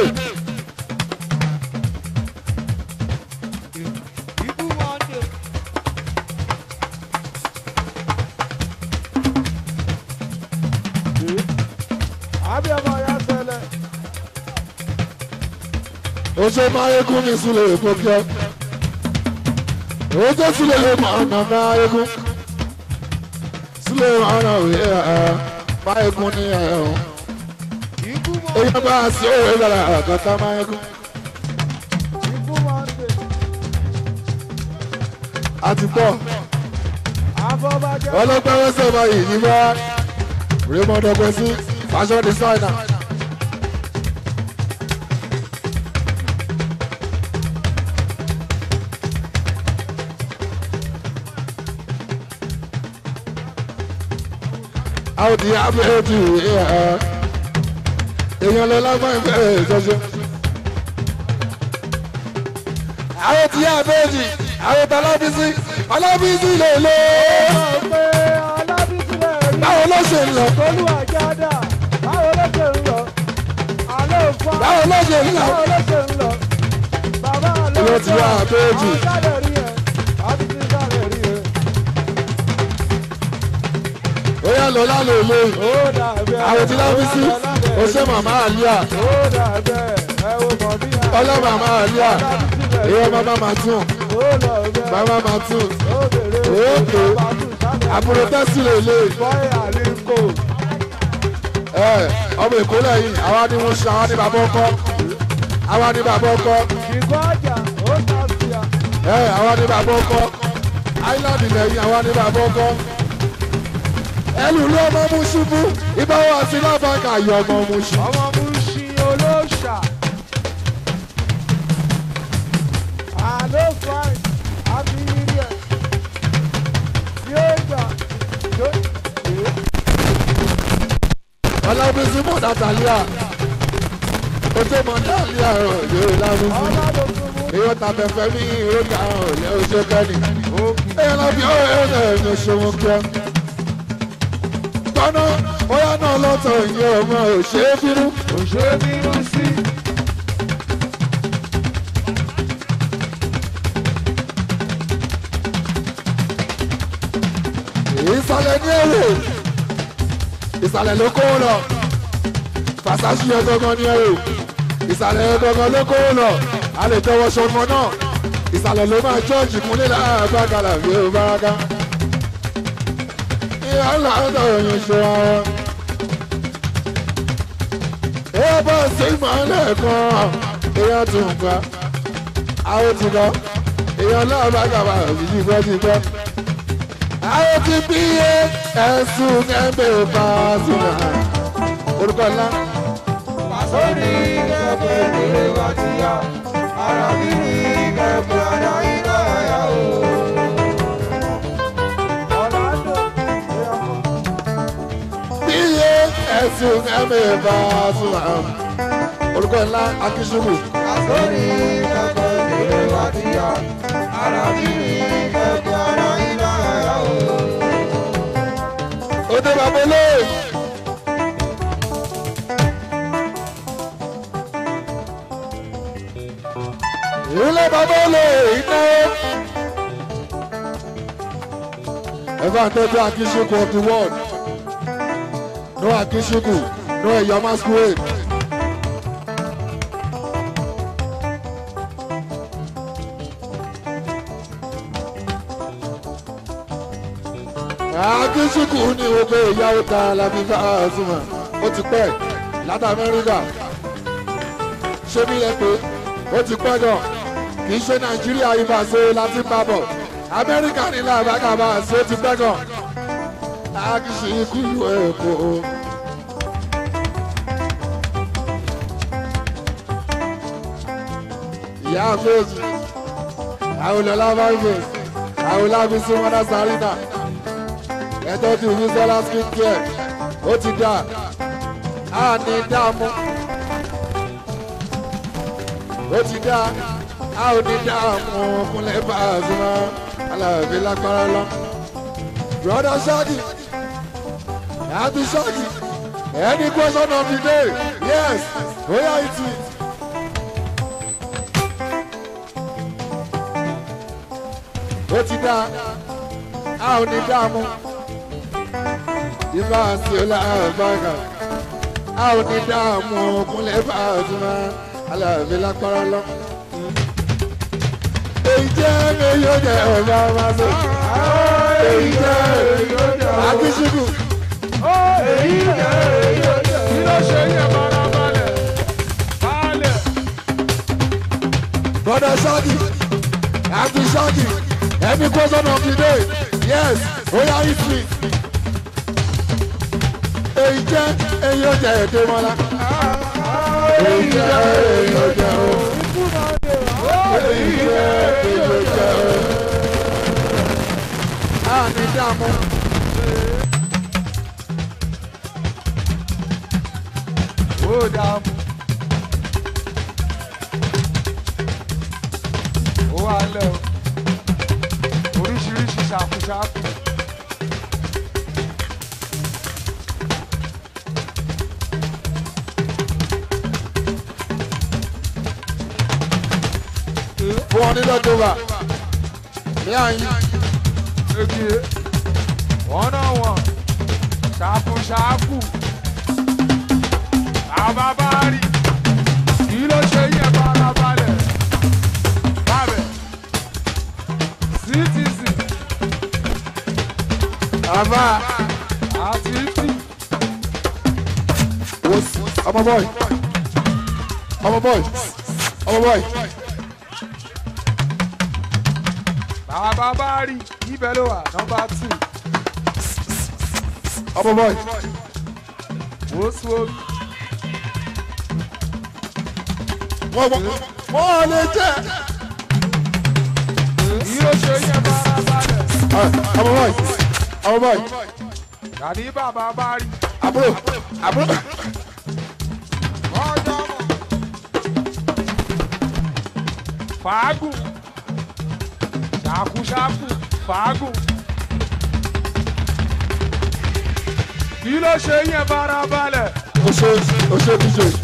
ojo mayegun ni sule epokio ojo sule le mana mayegun sule mana we eh, eh, mayegun ni ẹhun. Eh, èyí bá a sí òwe lára àkàtà máa ń kú. àti pọ̀ ọlọ́gbẹ́wọ́ sọ̀rọ̀ yìí bá Raymond Ogbesi fashion designer. How do you have to do? Yeah èèyàn lọ lágbọ́n ìfẹ́ rẹ̀ ṣoṣo. àwọn tí yá méjì àwọn tí alábísí alábísí lè lọ. báwo ló ṣe ń lọ. báwo ló ṣe ń lọ. báwo ló ṣe ń lọ. ìwọ ti yá méjì. ó yà lọ lálẹ́ òye àwọn tí alábísí o ṣe màmá àlíà ọlá màmá àlíà ìwọ màmá màtún màmá màtún òkè àbúrò tẹ́sí lè lè ọmọ èkó lẹ́yìn àwa ni wọ́n ṣe àwa ni bàbá ọkọ àwa ni bàbá ọkọ àwa ni bàbá ọkọ island lẹ́yìn àwa ni bàbá ọkọ ẹlùlú ọmọ Mushin ibà wà sí lábàkà yọ ọmọ Mushin. ọmọ Mushin olóòṣà àlọ́ fáì àbíyí rẹ̀ yóò gbà yóò ọlábísí mọ̀ dàtàlíà ojú mọ̀ dàlíà ọ̀lẹ́ ọlábísí èyí ta bẹ̀fẹ̀ mí ìrókè àwọn ọ̀lẹ́ oṣù kẹ́ni èyí lọ́bí ọ̀rẹ́ ọ̀lẹ́ ọ̀ṣọ́wọ́n kẹ́ kaná bóyá náà lọ́tọ̀ ìyẹn ọmọ òṣè bínú. òṣè bínú sí. ìsàlẹ̀ ní èrè ìsàlẹ̀ ló kó lọ fàṣàṣì ọgọgàn ní èrè ìsàlẹ̀ ọgọgàn ló kó lọ a lè tọwọ́ sọmọ náà ìsàlẹ̀ ló máa jọ́ọ̀jì kúnlẹ̀ láàbá kàlà bí ó bá ká aládọ̀yìn ṣe ara. Ẹ bá sí ìmọ̀lẹ̀ kan, ìyá tún gbà. Àwọn ti lọ, ìyá náà bá gàbà yìí gbẹ́ ti ẹ̀sùn ẹ̀mí bá a sùn àmì. olùkọ́ ńlá akíṣubù. àsọ̀rí ẹ̀kọ́ ìdílé wa ti yá ara bí ẹ̀kọ́ ara iná ẹ̀yà o. ó bàbá olóyè. ilé bàbá olóyè iná. ẹ̀fọ́ àtẹ́jọ́ akíṣubù ọ̀tún wọ́ọ̀dù no Akishiku, no Eyo Masquerade. Akishiku ni gbogbo ìyàwó ta Lábífà Azuma, ó ti pẹ́ láti Amẹ́ríkà. Ṣé bí ẹ pé ó ti pẹ́ gan? Kì í ṣe Nàìjíríà ìbàṣe láti ń bá bọ̀. Amẹ́ríkà ní làbákàbà ṣé ó ti pẹ́ gan? Akishiku ẹ̀kọ́. I I will love you. ìyá méjì you virus àwòlábí súnmọ́dá sárínà ẹ̀tọ́ ti Wizara skin care ó ti dà á ní dààmú ó ti dà á ò ní dààmú kúnlẹ̀ bá a súnmọ́ aláàbí lágbára lọ. brother Shaggy happy Shaggy any question of the day yes oya it is. dá a ò ní dààmú. Ìfà Ṣọlá Bàkà a ò ní dààmú kúnlẹ̀ Fàtúmà Aláàfin lápára lọ. Èyí jẹ́ mi yóò jẹ́ ọ̀gá wa sọ. Èyí jẹ́ mi yóò jẹ́ ọ̀gá wa sọ. Akíṣubù. Èyí jẹ́ mi yóò jẹ́ ọ̀gá wa sọ. Kí ló ṣe yẹ bàrà balẹ̀? Balẹ̀. Bọ́dọ̀ sọ́ọ̀dì, àti sọ́ọ̀dì. Every question of the day. Yes, oya ifi. Èyí jẹ́ èyí ọjà ẹ̀dẹ́ mọ́lá. Èyí jẹ́ èyí ọjà o. Èyí jẹ́ èyí ọjà o. Àmì dààmú. Ó dààmú. shop. Wọ́n ní lọ́jọ́ wa, ní àyín, èkì, wọ́n náà wọ̀n, ṣàkú ṣàkú, àbábá rí, kí ló ṣe Number àbá àti ìpín. wosi ọmọ bọ́ọ̀ì ọmọ bọ́ọ̀ì ọmọ bọ́ọ̀ì. bàbá bá rí ibẹ̀ ló wà nọ́mbà tù. ọmọ bọ́ọ̀ì. wosi omi. wọ́n wọ́n lè jẹ́. yóò ṣe yẹn bá ara balẹ̀. ọmọ bọ́ọ̀ì ọmọ yìí. tàbí Baba, bá rí. àbúrò àbúrò. ọjọ́ mọ̀. fàágùn ṣàkúṣàkù fàágùn. kí ló ṣe yẹn farabalẹ̀. o ṣe o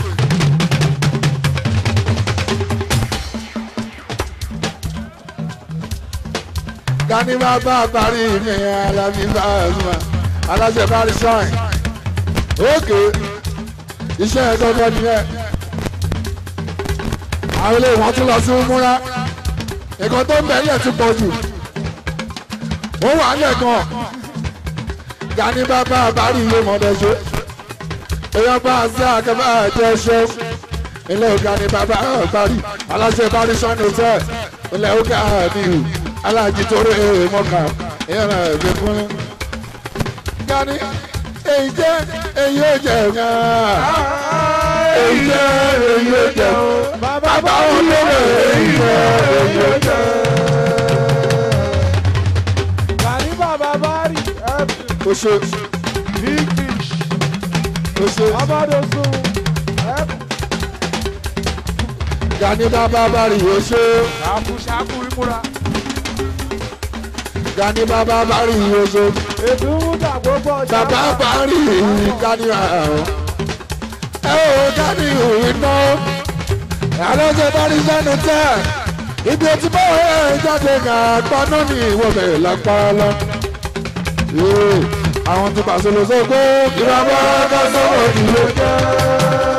ní bàbá parí mi alábí Pasuma aláṣẹ parí sáìn ókè iṣẹ́ ẹ̀ tọ́jọ́ nìyẹn àwọn ilé wọn tún lọ sí múra nǹkan tó ń bẹ̀ lẹ̀ tún pọ̀ jù ó wà lẹ́ẹ̀kan gani bàbá parí ilé mọ̀ọ́dẹ́sọ èèyàn bá a sí àkàbà àjẹsọ ilé ọ̀gá ni bàbá parí aláṣẹ parí sọ́ni sẹ́ẹ̀ ilé ọ̀gá mi aláàjì torí èrè mọ́kà ìyára ẹ̀gbẹ́ fún mi. gani èyí jẹ́ èyí ò jẹ́ ẹ̀gán. èyí jẹ́ èyí ò jẹ́ bàbá olóore èyí jẹ́ èyí ò jẹ́. gani bàbá bari ẹ̀bùn. o ṣe. big fish. o ṣe. gani baba bari o ṣe. ṣàkúṣàkú mura kani bàbá bá rí oṣù. èdúrúdà gbogbo ọjà wa. bàbá bá rí kani àrùn. ẹ ò kani òwe náà. àlọ́jọ bá sẹ́nu tẹ́. ibi etí báwo ẹ̀ jáde kà pọnú ní ìwọ bẹ̀rẹ̀ lápá àwọn tó pàṣẹ lọ sọ pé ìrànwọ́ ká sọ̀rọ̀ ìlú jẹ́.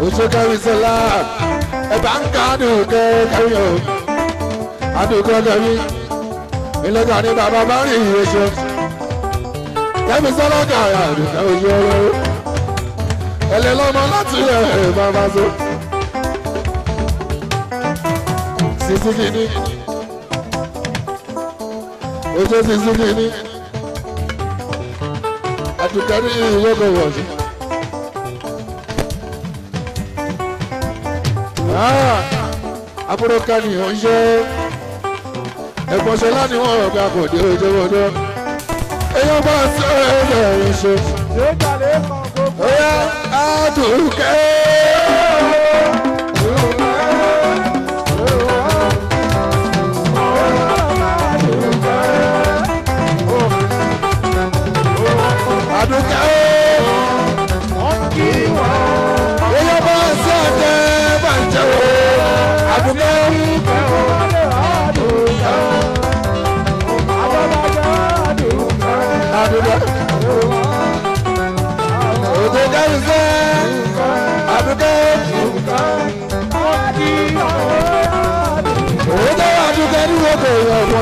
Utoka Wisola, Ebanka Aduke Kayo, Aduke Kayo, Ilega ni Baba Bari Yesho, Kemi Sola Kaya Aduke Oyo, Elelo Malati Baba Zo, Sisi Gini, Ojo Sisi Gini, Aduke Ni Yoko Washi. Ah, àbúrò kani ò ń ṣe ẹ̀gbọ́nṣe láti wọ́n ọ̀gá kò dé ojú wọlé èèyàn bá ń sọ ẹ̀rọ ìṣe. ó yá àdùnkẹ́.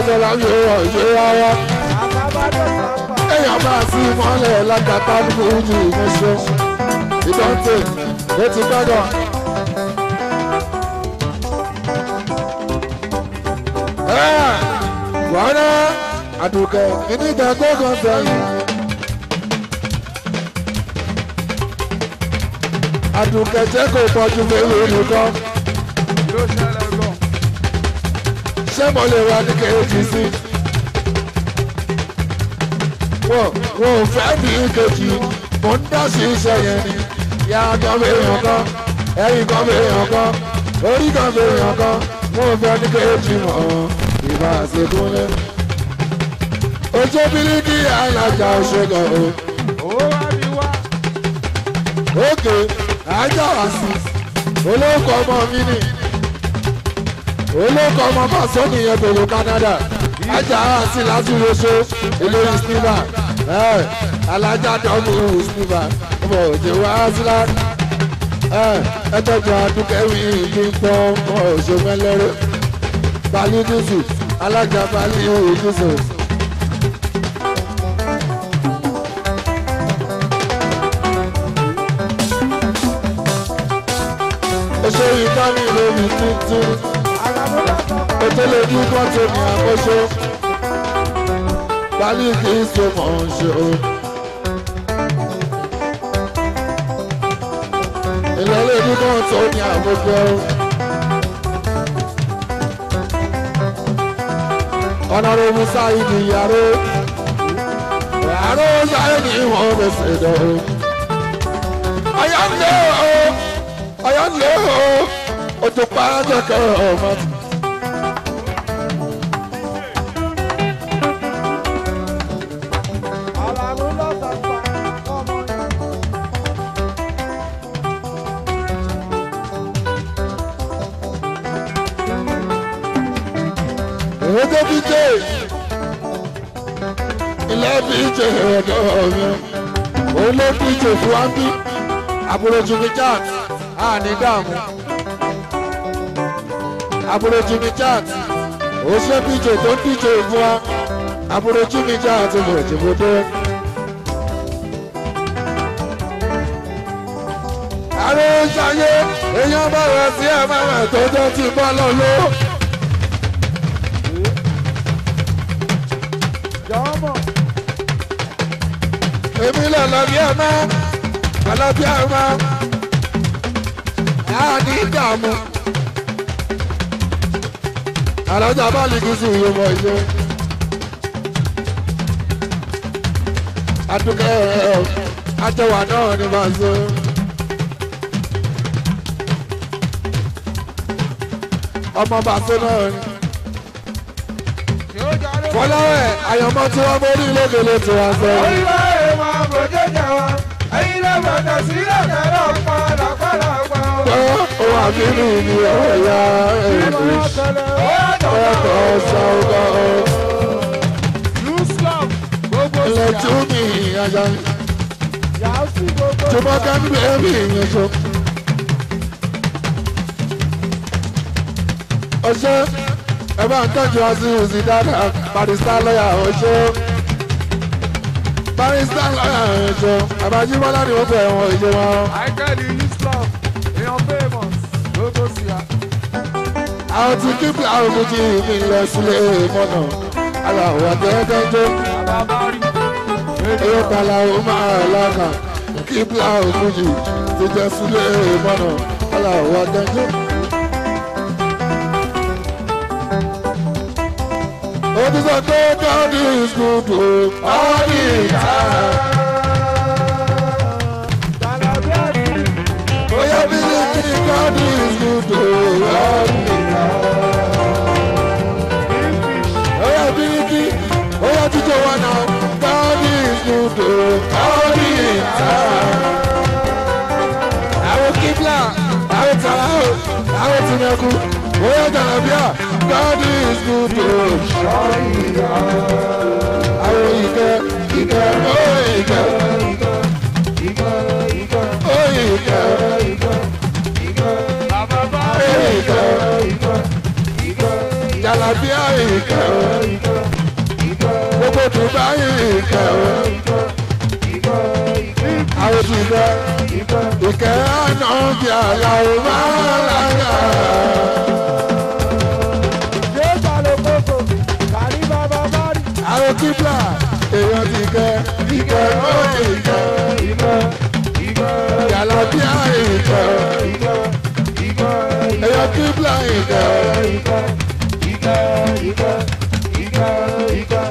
sọlá mi ò ṣe rárá. èèyàn bá a sí mọ́lẹ̀ lágbàtà nínú ojú ìmọ̀ṣẹ́ ìdọ́tẹ̀ ló ti gbọ́dọ̀. wàhálà àdùkẹ́ ìníjà gbọ́ngàn sẹ́yìn. pọ̀jù mélòó nìkan mo lè ra ní kejì sí. wọ́n wọ́n ò fẹ́ bí kejì mo ń dá sí iṣẹ́ yẹn ni. yàtọ̀ fèrèhàn kan ẹ̀yìn kan fèrèhàn kan orí kan fèrèhàn kan mo ò fẹ́ ní kejì mọ́ ìbá àṣekúnlé. ojú bíríkì alájà òṣèlú o. ókè ajá wá sí olóko ọmọ mi nìyí olóko ọmọ pàṣẹ nìyẹn bèrè Canada ajá àti lásìlóso olórí stiva alájà dánú stiva ọmọ òjò wá sílá ẹtọ́jú adúkẹ́wì ìdúpọ̀ ọmọ òjò mẹ́lẹ́rẹ́ balídùsù alájà balídùsù. Show you coming, baby, too, too tó lè ní kọ́tò ní àkóso bali kì í so mọ̀ ń ṣe o. ìlọ́lẹ̀ ní kọ́tò ní àkóso. ọ̀nàrò musa ìdí yàrá yàrá sáré ní ìwọ̀n bẹ̀sẹ̀ dọ̀. ọ̀yọ́ ń lé o ọ̀yọ́ ń lé o òtún pa ájọ kẹrọ ọ̀mọ́tò. ìwé tó fi jẹ́ ilé fi jẹ́ ọ̀dọ́ mi òun ló fi jẹ́ fún wa bí àbúròjù mi chat àní dààmú àbúròjù mi chat ó ṣe bíjò tó ń díje fún wa àbúròjù mi chat lò jìbò dé. àrùn ṣayé èèyàn bá wà sí ẹ̀ máa wà tó jẹ́ ti bọ́ lọ́lọ́. èmi lọ lọ́bí ẹ mọ́ ọlọ́bí ẹ mọ́ náà ní ìdààmú. àlọ́jà bá lè yóò mọ iye. adúgẹ́ àjẹwà náà ni màá so. ọmọ bàtó náà ni fọláwẹ àyànmọ́ tí wọ́n mórí lókè ló ti wá sọ àbòjẹjà wa ẹ̀yin náà bàtà sílẹ̀ kẹrẹ ọ̀padà padà pa o. ó wà nínú mi ọ̀yà english ẹ̀kọ́ sáwùkọ́ o. ilẹ̀ tí ó ní ìyájà mi. tí mo bá ń tọ́jú ọsìn òsì dáadáa barista lọ́yà ọ̀ṣẹ́ barista ah, lọ́yà ah, ẹ̀jọ́ eh, àbájúmọ́lá ni ó fẹ́ wọn ìjọ wọn. àìkẹ́lì islam èèyàn famous ló tó sí a. àwọn ti kíbi àwọn méjì mi lọ sílé mọ́nà aláwọ̀ àtẹ́tẹ́jọ́. èèyàn kàlà ó máa lọ́kàn kíbi àwọn méjì ti jẹ́ sílé mọ́nà aláwọ̀ àtẹ́tẹ́jọ́. mo ti sọ pé God is good o all the time. bóyá bí ní kí God is good o all the time. bóyá bí ní kí bóyá títí wà náà God is good o all the time. àwọn kíbla àwọn tàrà àwọn tìmẹ̀kù bóyá tàrà bíà. God is good o. Àwọn oh, ìkẹ́ ó oh, Ó ìkẹ́. Ó ìkẹ́. Jàlábíà ìkẹ́ o. Gbogbo tó bá ìkẹ́ o. Àwọn ìkẹ́ ìkẹ́ àná bí àlàó máa lágbàá. kíbla èèyàn ti kẹ́ ìkẹ́ ó ti kẹ́ ìkẹ́ ìkẹ́ yàrá bí a èèyàn kíbla ìkẹ́ ìkẹ́ ìkẹ́ ìkẹ́ ìkẹ́ ìkẹ́.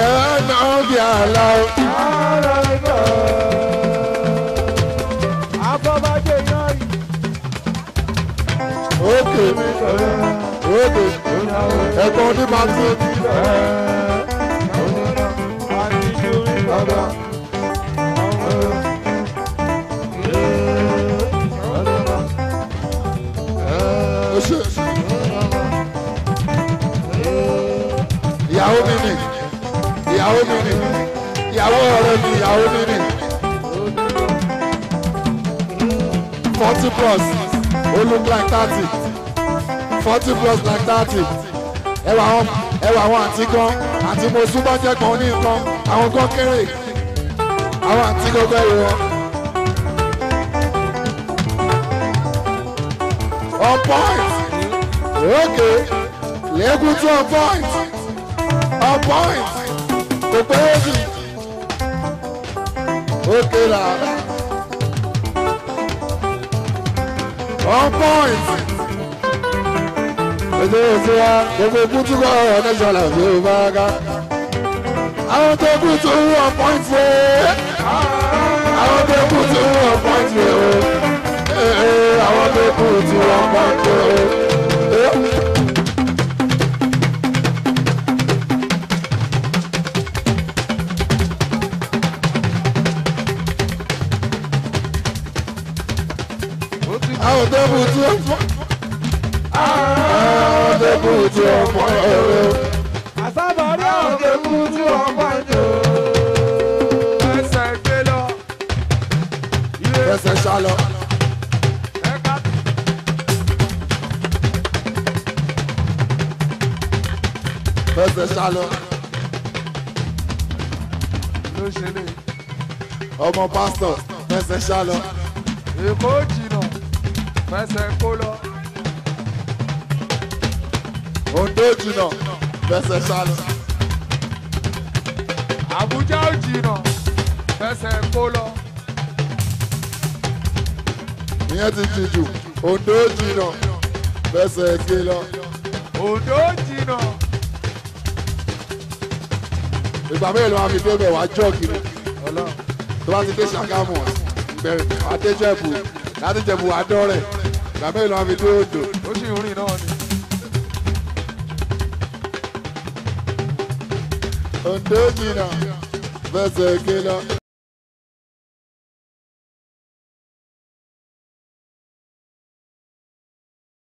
كان عودي على Okay, okay, okay. Everybody, man, ìyàwó mi ni ìyàwó ọ̀rẹ́ mi ìyàwó mi ni forty plus ó look like thirty forty plus like thirty ẹwà wọn ẹwà wọn àti gan àti mo súnmọ́ jẹ́ kan ní nǹkan àwọn kan kéré àwọn àti gbogbo ẹ̀rọ wọn. on point okay lẹ́gùn tó on point on point kò pé bì one point èdè òfin wa gbogbo kútu kọ́ ọ̀rọ̀ nation la fi bá a ká àwọn tó kútu one point ṣe àwọn tó kútu one point ọ̀dẹ́bùtú ọmọ ọ̀dẹ́bùtú ọmọ ẹ̀rọ. àsábàárì ọ̀dẹ́bùtú ọmọ ẹ̀jọ̀. ẹsẹ̀ gbé lọ. ẹsẹ̀ ṣálọ. ẹsẹ̀ ṣálọ. ló ṣe lè. ọmọ pásítọ̀ ẹsẹ̀ ṣálọ. èkó jì fẹsẹ̀ kó lọ. Ondo jìnnà fẹsẹ̀ sálọ. Àbújá ò jìnnà fẹsẹ̀ kó lọ. Ìyẹn ti jìn jù, Ondo jìnnà fẹsẹ̀ gé lọ. Ondo jìnnà. Ìgbà mélòó a fi dé bẹ̀ wá jọ́ọ̀kì ni? Tó bá ti dé Ṣàgámù, bẹ̀rẹ̀ àdéjẹ̀bù, àdéjẹ̀bù àdọ́rẹ̀ bàbá ìlú àfi dúró dò ó sì ń rìn náà ni. òǹdó jìnnà fẹsẹ̀ ké lọ.